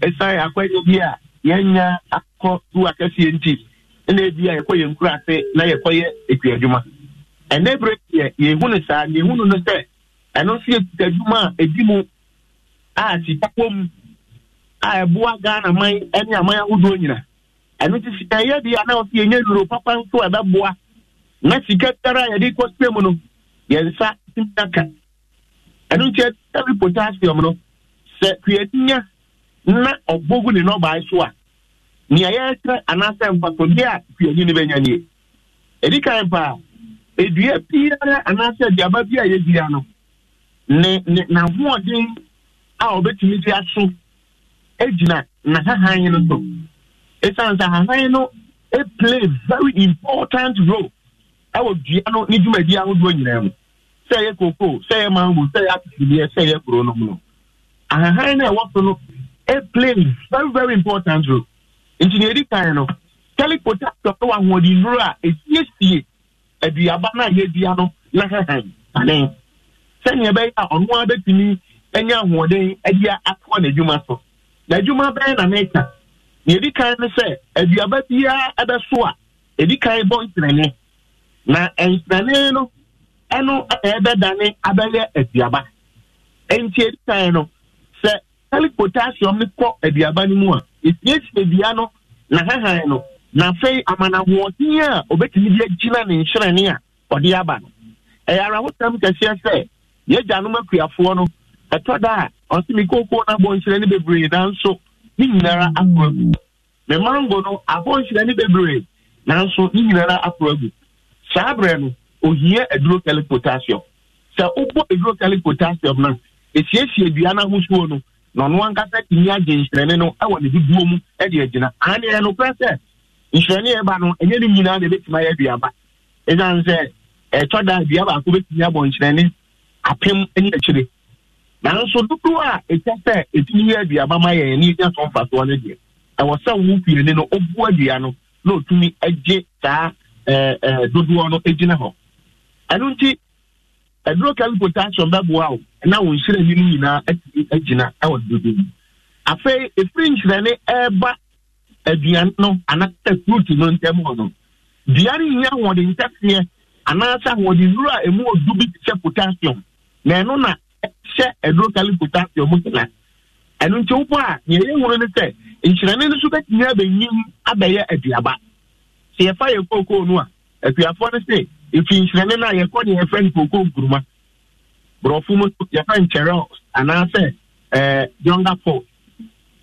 ɛsiane akwanya bi a yɛnya akɔ du akɛseɛ nti na ebi a yɛkɔ yɛn kura ase na yɛkɔyɛ ekuadwuma ɛnɛ bere yɛ yɛhu no saa na yɛhu no no sɛ ɛno nso yɛ kutadwuma a edi mu a sika mu a ɛboa ghana man ne aman ahodoɔ nyina ɛno ti sika yɛ bi a na wɔsi yɛnyɛ nuro papa nso ɛbɛboa na sika biara a yɛde kɔ sɛ mu no. yɛnsa tumi aka ɛno nti ɛri potassium no sɛ hwɛniya na ɔbɔ ne so a nea yɛkyerɛ anaasɛ mfasodeɛ a hwɛni no bɛnya nie ɛdi kan paa edua biara anaasɛ aduaba bi a yɛdua no ne ne n'ahoɔden a ɔbɛtumi de aso egyina n'ahahan no so esan sɛ ahahan no very important role. ɛwɔ dua no ne dwumadi ahodoɔ nyinaa mu sɛ ɛyɛ koko sɛ ɛyɛ mango sɛ ɛyɛ atisideɛ sɛ ɛyɛ kuro no mu no ahahan no ɛwɔ so no ɛplay very very important role nti na yɛdi kan no kɛli potato ɛwɔ ahoɔden nuru a esiesie aduaba no a yɛdua no n'ahahan ane sɛnea ɛbɛyɛ a ɔno ara bɛtumi ɛnya ahoɔden ɛde atoa n'adwuma so n'adwuma bɛyɛ na n'eka na yɛdi kan no sɛ aduaba biara ɛbɛso a yɛdi kan bɔ ntɛnɛnɛ. na nsrane no ɛno eh, ɛbɛdane abɛyɛ aduaba nti ɛdikan no sɛ kali potassium no kɔ aduaba no mu a esiesie dua no na hahan no na afei amanahoɔden a obetumi de agyina ne nhyerɛne a ɔde aba no ɛyɛ arawosɛm kɛseɛ sɛ yɛgyanom akuafoɔ no ɛtɔ da a ɔsimi kookoo n'abɔ abɔnhyerɛ bebree nanso ne nyinara akɔ agu me mango no abɔnhyerɛ no bebree nanso ne nyinara akɔ agu saa berɛ no ohia adurocalic potassium sɛ wobɔ adurocalic potassium no ɛsiesie dua no ahosuo no na ɔno ankasa tumi agye nhyerɛne no wɔ ne bibuo mu de agyina ane ɛnokorɛ sɛ nhyerɛne ɛba no ɛnyɛ no nyinaa na ɛbɛtumi ayɛ aduaba ɛsiane sɛ ɛtɔ da adua baako bɛtumi abɔ nhyerɛne apem ne akyire nanso dodoɔ a ɛkyɛ sɛ ɛtumi yɛ aduaba ma yɛn ne yɛnya so mfasoɔ no deɛ ɛwɔ sɛ wo pieni no ɔbu adua no na ɔtumi agye saa dodoɔ no gyina hɔ ɛno nti ɛduro chemical tension bɛboa o, na wo nhyirani no nyinaa atumi agyina wɔ dodo mu afei efiri nhyirɛne ɛreba aduane no anaasɛ fruit no ntɛm hɔ no dua no nyɛ ahoɔden ntɛseɛ anaasɛ ahoɔden nuru a emu ɔdu bi te sɛ potassium na ɛno na hyɛ ɛduro chemical potassium gyina ɛno nti wopɔ a neɛ yɛhunu ne sɛ nhyirɛne no so bɛtumi abɛnyim abɛyɛ aduaba sɛ yɛfa yɛ kookoo no a akuafoɔ no sɛ no a yɛkɔ ne yɛfrɛ no kookoo nkuruma borɔfo mu yɛfa anaasɛ jonga eh,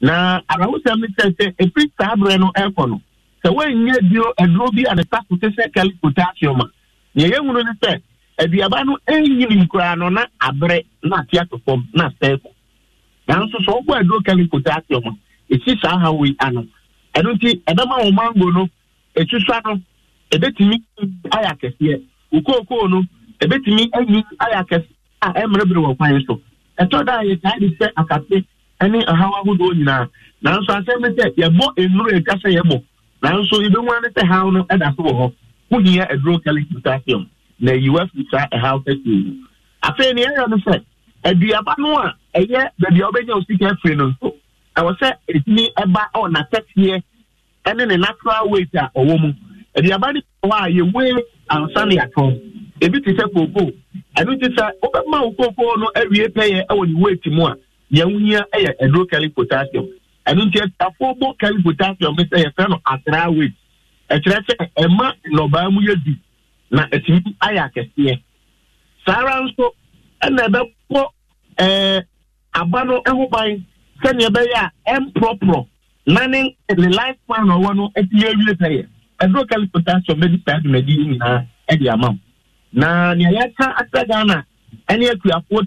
na arawosɛm no kyerɛ sɛ ɛfiri saa berɛ no ɛrekɔ no sɛ woanyɛ aduro bi a ne sako te sɛ a neɛ yɛhunu no sɛ na aberɛ na ate ato na asɛe kɔ nanso sɛ wobɔ aduro a ɛsi saa hawo yi ano ɛno nti ɛbɛma wo mango no etwitwa no ebetumi ayɛ akɛseɛ okookoo no ebetumi ayi ayɛ akɛseɛ a ɛmmerɛbere wɔ kwan so ɛtɔ da a yɛtaa de sɛ akate ɛne ahaw ahodoɔ nyinaa nanso asɛm ne sɛ yɛbɔ nnuro etwa sɛ yɛbɔ nanso ebimu ne sɛ haw no ɛda so wɔ hɔ ho hia aduro kɛlɛ potassium na eyiwa firi saa ɛhaw kɛseɛ yi afei ne yɛyɛ no sɛ aduaba no a ɛyɛ baabi a wobɛnya osika afiri no nso ɛwɔ sɛ ɛtumi ɛba ɔ natɛteɛ ɛne ne natural weight a ɔwɔ mu aduaba no hɔ a wee ansa ne ebi te sɛ kookoo ɛno te sɛ wobɛma wo kookoo no awie pɛyɛ ɛwɔ ne weight a nea wohia yɛ aduro kali potassium ɛno nti afoɔ bɔ kali potassium sɛ yɛfrɛ no weight ɛkyerɛ sɛ ɛma mu yɛ di na ɛtumi ayɛ akɛseɛ saa ara nso ɛna ɛɛ aba no ban sɛnea ɛbɛyɛ a ɛmporɔporɔ nane ne life plan a ɔwɔ no ɛti yɛ awie sɛ yɛ ɛdoro kɛli potassium bɛdi saa dwumadi yi nyinaa ama na nea yɛka akyerɛ ghana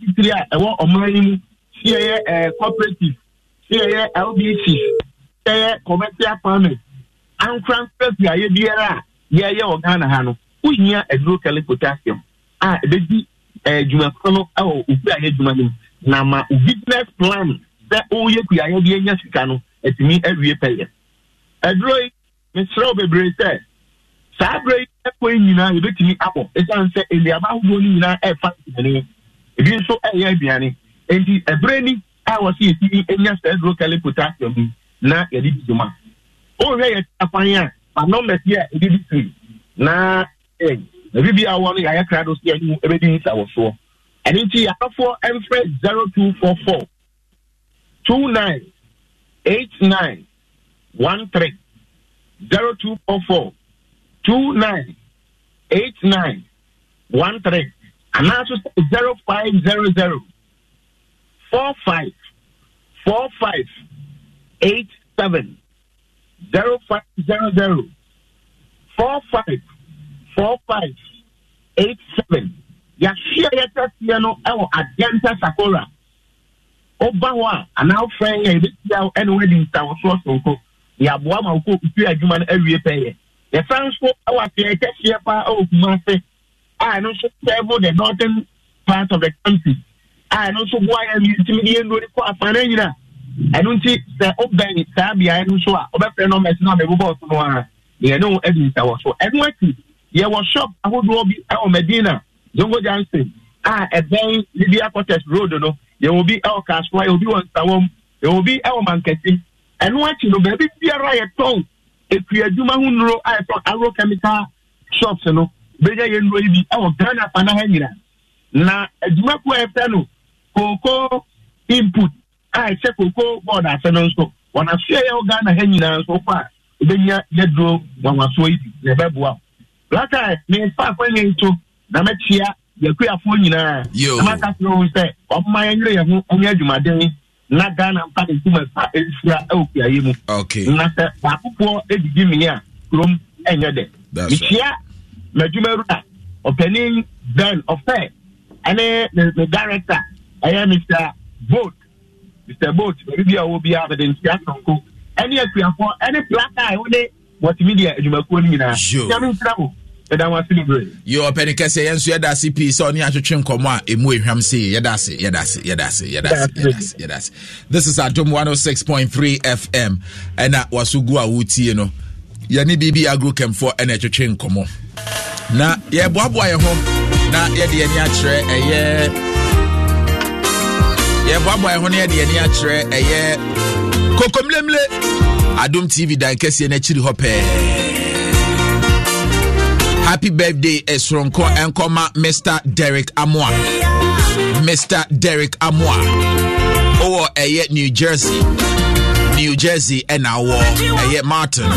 titiri a ɛwɔ ɔman yi mu si yɛ ɛɛ cooperative si yɛ lbc si yɛ commercial farmers a biara a ghana ha no a no dwuma na ma business plan sɛ ɔyɛ kuayɛ bi sika atumi awie pɛyɛ aduro yi mesrɛw bebree sɛ saa berɛ yi ɛkɔ yi nyinaa yɛbɛtumi abɔ ɛsiane sɛ nnuaba ahodoɔ no nyinaa ɛɛfa aduane ebi nso ɛyɛ aduane nti ɛberɛ ni a wɔsi yɛtumi anya saa aduro kɛle potassium yi na yɛde di dwuma ohwɛ yɛ akwan a anom bɛsi a yɛde di tiri na ɛyɛ ebi bi a wɔn no yɛayɛ krado si ɛnu ɛbɛdi nsa wɔ soɔ ɛne nti yɛafoɔ ɛmfrɛ zero two four four two nine eight nine one three zero two four four two nine eight nine one three and also zero five zero zero four five four five eight seven zero five zero zero four five four five eight seven yàtí ẹyẹ tẹsí ẹ no ẹ wọ ɔba hɔ a anaa ɔfrɛn a yɛbɛsi a ɛna wɔadi ntawosoɔ sonko yɛaboa ma wokɔ ofi adwuma no awie pɛyɛ yɛsan nso wɔ afei kɛseɛ paa wɔ kuma ase a ɛno nso sɛvo the northern part of the country a ɛno nso boa yɛ ntumi de yɛnnuo de kɔ afa no anyina ɛno nti sɛ wobɛn saa beaeɛ no nso a wobɛfrɛ nɔmɛs no a mɛbobɔ so no a yɛne wo adi ntawosoɔ ɛno akyi yɛwɔ shop ahodoɔ bi wɔ madina zongo johnson a ɛbɛn libya cottage road no yɛwɔ bi ɛwɔ kasoa yɛwɔ bi wɔ nsawam yɛwɔ bi ɛwɔ mankɛse ɛno akyi no baabi biara yɛtɔn ekuadwuma ho nnuro a yɛtɔn chemical shops no bɛnya yɛ nnuro yi bi ɛwɔ ghana fana ha nyina na adwuma ko a yɛfrɛ no kooko input a ɛhyɛ kooko board ase no nso wɔn asoɛ yɛwɔ ghana ha nyinaa nso kɔ a ebɛnya yɛduro nwanwasoɔ yi bi na ɛbɛboa black eye mi nfa akɔnyɛ nso na mɛkyia yɛkuafoɔ nyinaa namaka kyerɛ sɛ ɔmoma yɛnyerɛ yɛ ho ɔnyɛ adwumaden na ghana mpa ne ntoma pa ɛnsira wɔ kuayɛ mu na sɛ baakofoɔ didi mmee a kurom ɛnyɛ dɛ mekyia madwuma wura ɔpanin ben ɔfɛ ɛne ne director ɛyɛ mr boat mr boat baabi a ɔwɔ biara mede ntia sonko ɛne akuafoɔ ɛne plaka a ɛwo ne multimedia adwumakuo no nyinaa nyame nkyerɛ wo yɛda wa celebrate. yɛ ɔpɛni kɛse yɛn nso yɛda ase pii sɛ ɔne atwetwe nkɔmɔ a emu ehwam se yɛda ase yɛda ase yɛda ase yɛda ase yɛda ase yɛda ase this is adum one oh six point three fm ɛna waso gu a wotie no yɛne biribi agro kɛmfoɔ ɛna ɛtwetwe nkɔmɔ na yɛboaboa yɛn ho na yɛde yɛn ani akyerɛ ɛyɛ yɛboaboa yɛn ho na yɛde yɛn ani akyerɛ ɛyɛ kokomlemle adum tv dan kɛseɛ n'akyiri hɔ pɛɛ. happy birthday Esronko eh, Enkoma Mr. Derek Amoa Mr. Derek Amoa ɔwɔ ɛyɛ New Jersey New Jersey ɛna wɔ ɛyɛ Martin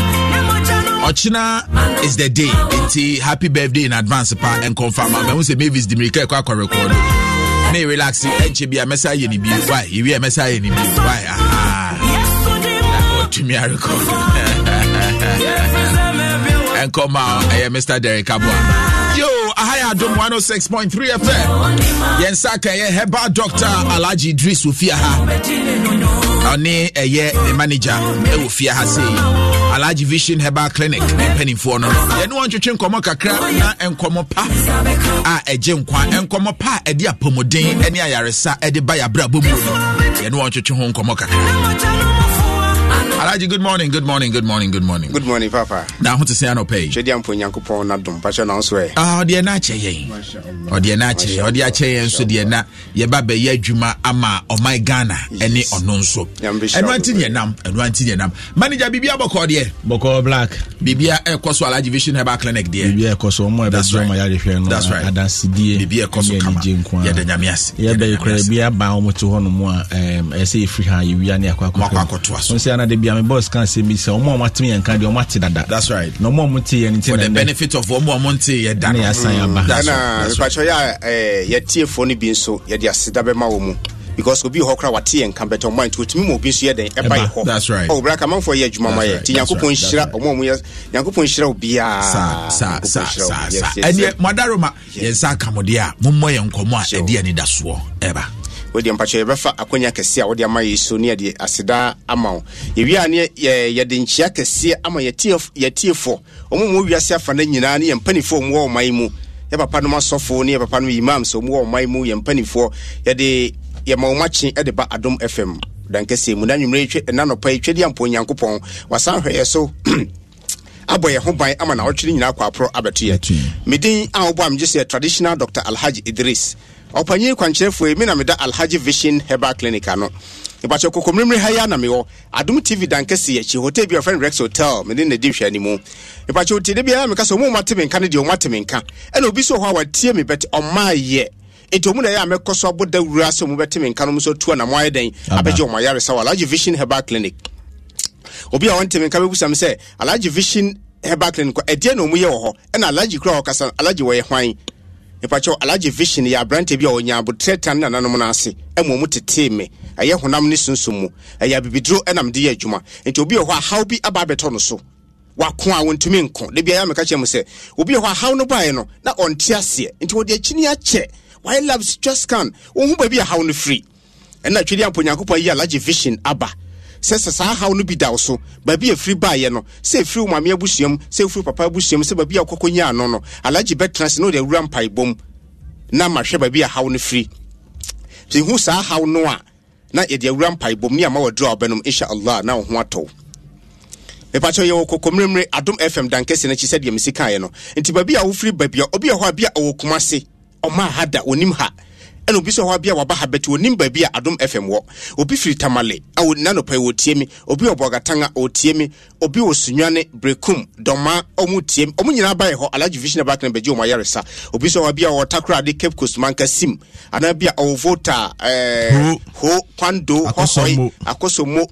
ɔkyena is the day nti happy birthday in advance pa nkɔmfa ma mahu sɛ mavis de mmirika ɛkɔ akɔ rekɔɔ no ne relax ɛnkyɛ eh, bi a mɛsa ayɛ ne bio wai ewie a mɛsa ayɛ ne bio wai aha ɔtumi arekɔɔ nkɔma ɛyɛ mr derek Abua. yo ahayɛ adom 106.3 fm Yen saka ka eh, ɛyɛ heba doctor alagye idris wɔ fie ha ɔne eh, ɛyɛ eh, ne manager ɛwɔ fie ha sei alagye vision heba clinic mpanimfoɔ no yɛne wɔntwetwe nkɔmmɔ kakra na nkɔmmɔ pa a ah, ɛgye nkwa nkɔmmɔ pa a ɛde apɔmuden ne ayaresa de ba yɛabrabɔ mu no yɛne wɔntwetwe ho nkɔmmɔ kakra alaji good morning good morning good morning good morning. good morning papa. na ahote sẹ anọ pẹyì. twedi ampo nyankopɔn na ah, dum paṣẹ na nso ẹ. aa ọdiyẹ na akyẹ yẹn ọdiyẹ na akyẹ yẹn ọdiyẹ akyẹ yẹn nso diẹ na yẹba bẹyẹ adwuma ama ɔman ghana ɛne ɔno nso ɛnua nti yɛ nam ɛnua nti yɛ nam manager biribi abɔkɔ deɛ. bɔkɔ black. biribi ɛkɔ so alaji vision herbal clinic deɛ. biribi ɛkɔ so wɔn ɛbɛ so ɔmɔ yare hwɛ no adansidie biribi ɛkɔ so kama yɛda nyame ase. yɛbɛ ekura bi aba wɔn ti hɔ nom a ɛsɛ efiri ha yewia ne media me boss kan say me say omo omo atimi yɛn kan deɛ omo ate dada. that's right. na omo omo te yɛn ti na. for the benefit of omo omo te yɛ da. ne yasan yaba. Mm. dana mpatsɔ yɛ ɛɛ yɛ tie fo ni bi nso yɛ de ase dabɛ ma wɔn mu because obi hɔ kora wate yɛ nka bɛtɛ ɔmo nti otumi mu obi nso yɛ dɛn ɛba yɛ hɔ ɔwɔ bra kamanfoɔ yɛ adwuma ma yɛ ti nyankopɔn nhyira ɔmo ɔmo yɛ nyankopɔn nhyira obiara saa saa saa saa ɛnɛ mɔdaroma yɛn nsa akamode a mommɔ yɛn nkɔmɔ a ɛdi anidasoɔ ɛba. wɔde mpakyɛ yɛbɛfa akɔnya kɛseɛ a wɔde ama yɛ so ne yɛde asedaa ama wo yɛwie a ne yɛde nkyia kɛseɛ ama yɛtiefoɔ ɔmo mu wiase afa no nyinaa ne yɛ mpanifoɔ ɔmo wɔ ɔman mu yɛ papa nom asɔfoɔ ne yɛ papa nom imam sɛ ɔmo wɔ ɔman mu yɛ mpanifoɔ yɛde yɛma ɔmo akye de ba adom fm dankɛseɛ mu na nwummerɛ nanɔpa yi de mpo onyankopɔn wasan hwɛ yɛ so abɔ yɛn ho ban ama na ɔtwere nyinaa kɔ aporɔ abɛto yɛ medin a wobɔ am megye sɛ traditional dr alhaj idris ɔpanyin kwankyerɛfoɔ mi na meda alhaji vision herbal clinic ano ìbàtsɛ koko mìíràn ha yá nàmi wɔ adum tv dankasi akyi hotel bi ɔfɛn rex hotel mi ne nadi hwɛ animu ìbàtsɛ oti de bi ara mi ka sɛ ɔmo ɔmo ate mi nka ne deɛ ɔmo ate mi nka ɛna obi so hɔ a watie mi bɛt ɔmo ayɛ nti ɔmo na yɛ a mɛkɔ so abɔ dawura sɛ ɔmo nka no mo so tu a na mo ayɛ dɛn abɛgye ɔmo ayaresa wɔ alhaji vision herbal clinic obi a wɔnte mi nka bɛbusa mi sɛ alhaji vision herbal clinic ɛdeɛ na nipakyɛw alagye vision yɛ aberanteɛ bi a ɔnya abotire tan ne nananom no ase ɛma ɔmu tetee me ɛyɛ honam ne sunsum mu ɛyɛ abibiduro ɛnam de yɛ adwuma nti obi wɔ hɔ a haw bi aba abɛtɔ no so wako a wɔntumi nko de biara meka kyerɛ mu sɛ obi wɔ hɔ a haw no baeɛ no na ɔnte aseɛ nti wɔde akyini akyɛ wayɛ labs just scan wɔhu baabi a haw no firi ɛna twɛdeɛ ampa yi alagye vision aba sɛ sɛ saa haw no bi da wo so baabi ɛfiri baayɛ no sɛ ɛfiri wo maame abusuam sɛ ɛfiri papa abusuam sɛ baabi a wokɔkɔ nya ano no alagye bɛtena se na wode awura mpaebɔm na mahwɛ baabi a haw no firi sɛ hu saa haw no a na yɛde awura mpaebɔm ne ama waduru a wobɛnom inshallah na wo ho atɔw mepakyɛ yɛwɔ kɔkɔmmerɛmmerɛ adom fm dankɛse no akyi sɛdeɛ mesikaeɛ no nti baabi a wofiri baabi a obi a hɔ a bi a ɔwɔ kuma se ɔma ha da ɔnim ha ɛna obi sɛ hɔ bia waba ha bɛte onim baabi a adom fm wɔ obi firi tamale a nanɔpɛ wɔtie mi obi wɔ bɔgatan a ɔtie mi obi wɔ sunwane brekum dɔma ɔmo tie mi ɔmo nyinaa baɛ hɔ alagye vision back na bɛgye ɔmo ayaresa obi sɛ hɔ bia wɔ takorade cape coast manka sim anaa bia ɔwɔ vota ɛɛ eh, ho kwando hɔhɔe akɔsɔmo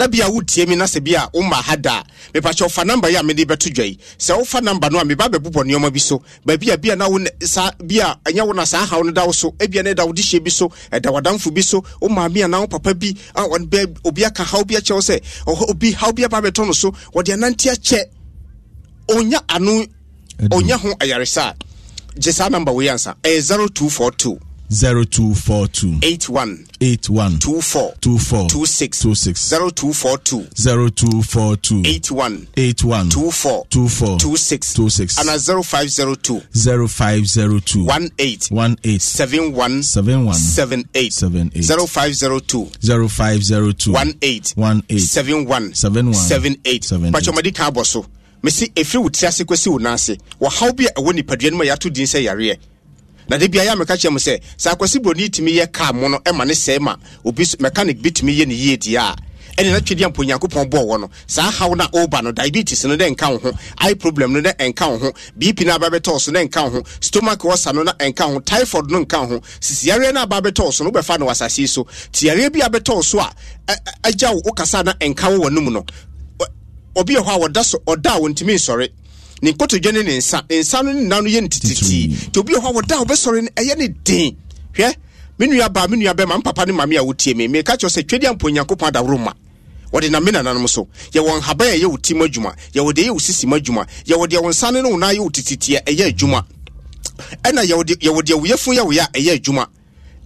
na bia wotie mi na sɛ bia woma ha da a mepakyɛ ɔfa namba yi a mede bɛto dwa sɛ wofa namba no a meba bɛbobɔ nneɔma bi so baabi bia na wo saa bia ɛnyɛ wo na saa haw no da wo so ebia na ɛda wo dehyeɛ bi so ɛda bi so wo maame anaa wo papa bi obi aka haw bi akyɛ wo sɛ obi haw bi aba bɛtɔ no so wɔde anante akyɛ ɔnya ano ɔnya ho ayaresa gye saa namba wei ansa ɛyɛ 0242 zero two four two eight one eight one two four two four two six two six zero two four two zero two four two eight one eight one two four two four two six two six and a zero five zero two zero five zero two one eight one eight seven one seven one seven eight seven eight zero five zero two zero five zero two one eight one eight seven one seven one seven eight seven. Pachomadi you would say, I see, I see, I see, I see, I see, I see, I see, na de bia yɛ mɛka kyerɛ mu sɛ sɛ akwasi buroni tumi yɛ kaa mo no ɛma ne sɛɛ ma obi mechanic bi tumi yɛ ne yie die a ɛne na twɛdeɛ mpo nyankopɔn bɔɔ wɔ no saa haw no woba no diabetes no dɛ nka wo ho eye problem no dɛ ɛnka wo ho bp no aba bɛtɔɔ so no nka wo ho stomach wɔsa no na ɛnka ho typhoid no nka wo ho sisiareɛ no aba bɛtɔɔ so no wobɛfa no wɔ so tiareɛ bi abɛtɔɔ so a agya wo wokasa na ɛnka wo wɔ no mu no obi yɛ hɔ a ɔda so ɔda a wɔntumi nsɔre ne nkotodwe ne ne nsa nsa no ne nan no yɛ ne tititii nti obi wɔ hɔ a wɔda a wɔbɛsɔre no ɛyɛ ne den hwɛ me nua baa me nua bɛma me papa ne maame a wotie me meka kyerɛ sɛ twɛdi ampo nyankopɔn adaworo ma wɔde na me nananom so yɛwɔ nhaban a ɛyɛ wo ti mu adwuma yɛwɔ deɛ ɛyɛ wo sisi mu adwuma yɛwɔ deɛ wo nsa no ne wo nan yɛ wo tititiɛ ɛyɛ adwuma ɛna yɛwɔ deɛ woyɛfo yɛ a ɛyɛ adwuma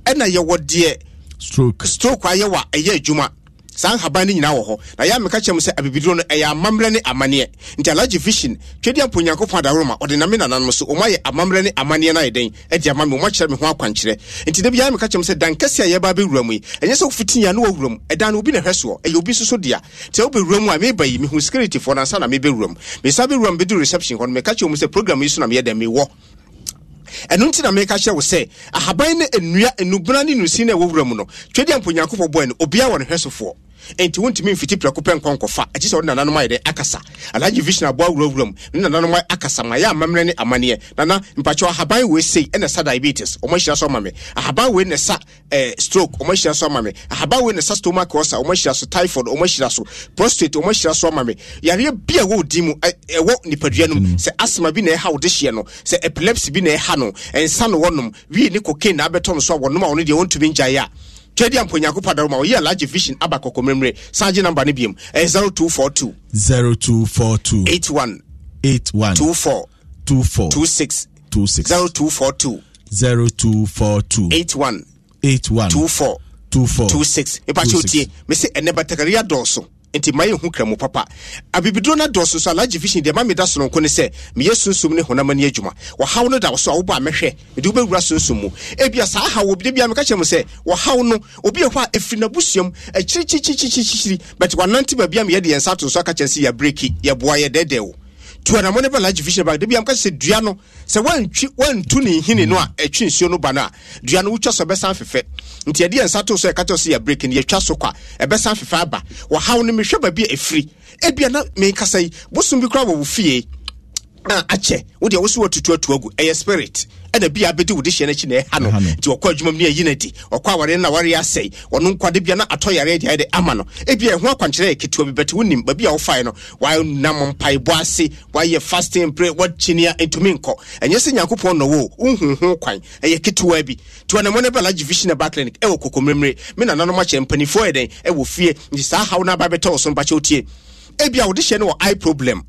ɛna yɛwɔ deɛ stroke stroke ayɛ wa ɛyɛ adwuma saa nhaban no nyinaa wɔ hɔ na yɛ meka kyɛm sɛ abibiduro no ɛyɛ amammerɛ ne amanneɛ nti alagye vision twɛdi ampo onyankopɔn adaworoma ɔde name nananom so ɔma yɛ amammerɛ ne amanneɛ no ayɛ dɛn adi ama me ɔma me ho akwankyerɛ nti da biaa meka kyɛm sɛ dankɛse a yɛba bɛwura mu yi ɛnyɛ sɛ wofitiia ne wawura mu ɛda no obi na ɛhwɛ soɔ ɛyɛ obi nso dea nti wobɛwura mu a meba yi mehu securityfoɔ no ansa na mebɛwura mu mesa bɛwura mu bɛdu reception hɔ no meka kyɛw mu sɛ program yi so na meyɛ dɛ mewɔ ɛno nti na meka kyerɛ wo sɛ ahaban ne nnua nnubena ne nusin no a ɛwɔ wura mu no twɛdeɛ mpa onyankopɔn bɔɛ no obiaa wɔ ne hwɛ sofoɔ nti wontumi mfiti prɛko pɛ nkɔnkɔfa akyi sɛ wode nananom ayɛ dɛ akasa alagye vision aboa wurawura mu ne nananom akasa ma yɛ amammerɛ ne amanneɛ nana mpakyɛ ahaban wei sei ɛna sa diabetes ɔmahyira so ma me ahaban wei ne sa eh, stroke ɔmahyira so ma me ahaban wei ne sa stomach ulcer ɔmahyira so typhoid ɔmahyira so prostate ɔmahyira so ma me yareɛ bi a di mu eh, ɛwɔ nipadua no mu sɛ asma bi na ɛha wode hyeɛ no sɛ epilepsy bi na ɛha no ɛnsa no wɔnom wie ne cocaine na abɛtɔ no so a wɔnom a ɔno deɛ wɔntumi ngyaeɛ a twɛdi ampa onyankopɔn adaroma ɔyɛ alagye vision aba kɔkɔmmerɛmmerɛ saa gye number no biom ɛyɛ 0242 0242 81 81 24 24 26 26 0242 0242 81 81 24 24 26 mepa kyɛ wotie me sɛ ɛnɛ batakaria dɔɔso nti ma hu kra mu papa abibiduro no dɔɔso so alagye vision deɛ ma meda sononko ne sɛ meyɛ sunsum ne honam ani adwuma wɔhaw no da wo so a wobɔ a mɛhwɛ mede wobɛwura sunsum mu ebia saa haw obi bia meka kyerɛ mu sɛ wɔhaw no obi yɛ hɔ a ɛfiri n'abusuam akyirikyirikyirikyirikyiri but wanante baabi meyɛde yɛn nsa ato so aka kyerɛ sɛ yɛabreki yɛboa yɛdɛɛdɛ wo tuanamɔ ne bala gyifisɛ bag de bi amka sɛ dua no sɛ wantwi wantu ne hini no a ɛtwi nsuo no ba no a dua no wotwa so ɛbɛsan fefɛ nti yɛde yɛ nsa to so ɛka tɔ sɛ yɛ break no yɛtwa so kɔ a ɛbɛsan e fefɛ aba wɔhaw no mehwɛ baabi a ɛfiri ebia e na menkasa yi bosom bi koraa wo fie a akyɛ wodeɛ wo so watutuatu agu ɛyɛ spirit ɛna bia bɛdi wode hyɛ no akyi na ɛha no nti wɔkɔ adwuma mu ne ayi no adi ɔkɔ aware no na wareɛ asɛe ɔno nkwade bia na atɔ yareɛ de ayɛde ama no ebia ɛho akwankyerɛ yɛ ketewa bi bɛte wonim baabi a wofae no woanam mpaebɔ ase woayɛ fasting pray woakyinia ntumi nkɔ ɛnyɛ sɛ nyankopɔn nɔwɔ wohuhu kwan ɛyɛ ketewa bi nti ɔnamɔ no bɛla gye vision aba clinic ɛwɔ kɔkɔmmerɛmmerɛ me nananom akyɛ mpanifoɔ ɛdɛn ɛwɔ fie nti saa haw no aba bɛtɔ wo so no wotie ebia wode hyɛ no wɔ eye problem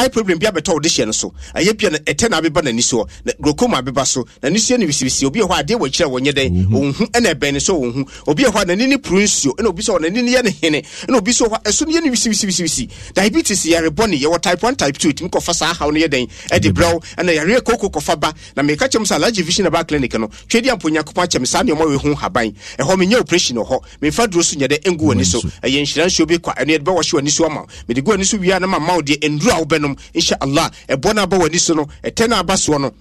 eye problem bi abɛtɔ wo de hyɛ no so ɛyɛ bia ɛtɛ na abeba n'ani so na glaucoma abeba so n'ani soɛ ne wisibisi obi ɛhɔ adeɛ wɔ akyirɛ wɔnyɛ dɛn ɔnhu mhm. ɛna ɛbɛn ne sɛ ɔnhu obi ɛhɔ a n'ani ne puru nsuo ɛna obi so sɛ ɔn'ani ne yɛ ne hene ɛna obi sɛ ɔhɔ ɛso no yɛ ne wisibisibisibisi diabetes yɛrebɔ ne yɛwɔ type 1 type 2 tumi kɔfa saa haw no yɛ dɛn ɛde brɛw ɛna yɛreɛ koko kɔfa ba na meka kyɛm sɛ alagye vision aba clinic no twɛdi ampo nyankopɔn akyɛm saa nneɔma wɛhu haban ɛhɔ menyɛ operation hɔ memfa duro so nyɛ dɛ ɛngu ni so ɛyɛ nhyira nsuo bi kwa ɛno yɛde bɛwɔhye w'ani so ama mede gu w'ani so wie a na mama wo deɛ ɛnduru a wobɛnom nom allah ɛbɔ no aba w'ani so no ɛtɛ no aba soɔ no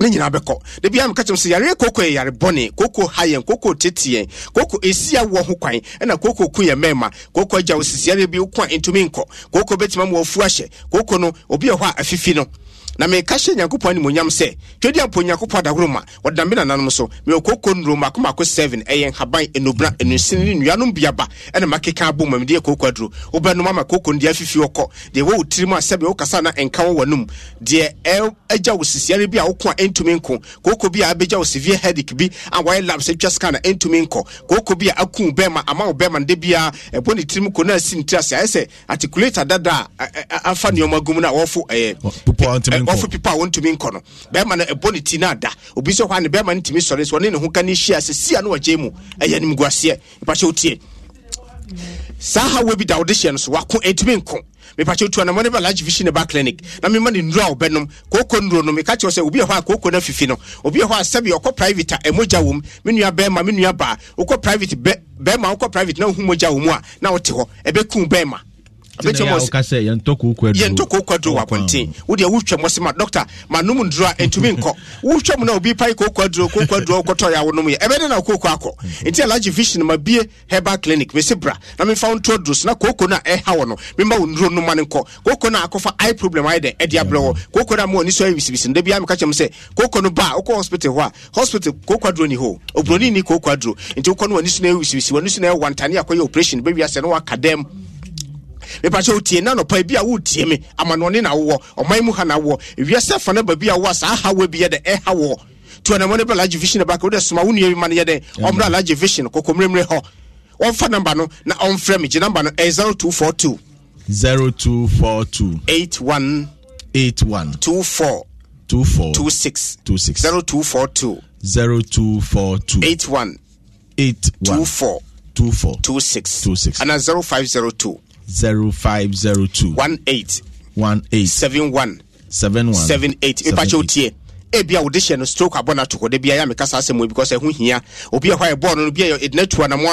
ne nyinaa bɛkɔ de bia meka kyerɛm sɛ yareɛ koko yɛ yare bɔne koko ha yɛn koko tete yɛn koko ɛsia wɔ ho kwan ɛna koko ku yɛn mɛma koko agya wo sisia no bi wo ko a ntumi nkɔ koko bɛtumi ma wɔafu ahyɛ koko no obi ɛ hɔ a afifi no na meka hyɛ nyankopɔn animonyam sɛ twɛdi ampo nyankopɔn adahoroma wɔdambe nananom so mewɔkoko nuromakomako 7 ɛyɛ nhaban enubra enusini ne nnuanom biaba ɛna makeka abo ma mede yɛ kooko aduro wobɛnom ama kooko no deɛ afifi wɔkɔ deɛ wɔ wo tirim a sɛbe wokasa na ɛnka wɔ w'anom deɛ agya wo sisiare bi a woko a nko kooko bi a abɛgya wo sevie headic bi a wɔyɛ lab sɛ twa sika na ɛntumi nkɔ kooko bi a aku bɛrima ama wo bɛrima no da biara ɛbɔ ne tirim ko no asi ne tiri ase ayɛ sɛ articulate dada a afa nneɔma gu mu no a wɔfo ɛyɛ wɔfo pipa a wɔntumi nkɔ no bɛrima no ɛbɔ ne ti no ada obi sɛ hɔ a ne bɛrima no ntumi sɔre so ɔne ne ho ka no hyia sɛ sia no wɔgye mu ɛyɛ nimguaseɛ mepakyɛ wotie saa hawa bi da wode hyɛ no so wako ɛntumi nko mepakyɛ wotu anamɔ ne ba large vision ba clinic na mema ne nnuro a wobɛnom kooko nnuro no meka kyerɛ sɛ obi ɛhɔ a kooko no afifi no obi ɛhɔ a sɛbi ɔkɔ private a ɛmogya wɔ mu me nua bɛrima me nua baa wokɔ private bɛrima wokɔ private na wohu mogya wɔ mu a na wote hɔ ɛbɛku bɛrima bɛkyɛmɔsɛ yɛntɔkoo kwado wɔ apɔnten wodeɛ wotwa mɔ sɛ ma dɔctor manom ndura ɛntumi na obi pae kookwaduro kookwaduro wokɔtɔyɛ a wonom yɛ ɛbɛdɛ na kooko akɔ enti alagye mabie herbal clinic mɛsɛ bra na memfa na kooko no a ɛha wɔ no memma wo eye problem ayɛ dɛ ɛde abrɛ wɔ kooko no a ma ɔni so ayɛ bisibisi ba a wokɔ hospital hɔ a hospital kookwaduro ni hɔ oburoni ni w'ani so no ayɛ w'ani so no ayɛ operation bɛwiasɛ no mepakyɛ wotie na nɔpa bi a wotie me amanoɔne na wowɔ ɔman mu ha na wowɔ ewiasɛ fa no ba bi a wowɔ a saa hawa bi yɛ dɛ ɛha wɔ tuanamɔ ne ba lagye vision baka wode soma wo nua bi ma no yɛ dɛ ɔmmra lagye vision kɔkɔmmerɛmmerɛ hɔ ɔmfa namba no na ɔmfrɛ me gye namba no ɛyɛ 0242 0242 81 81 24 24 26 26 0242 0242 81 81 24 24 26 26 and 0502 0502 18 18 71 71 78 mepa kyɛ ebia eh, wode hyɛ no stroke abɔ no ato hɔ da bia yɛ meka saa asɛm because ɛho hia obi a hɔ a ɛbɔɔ no no bia ɛdina tu anammoa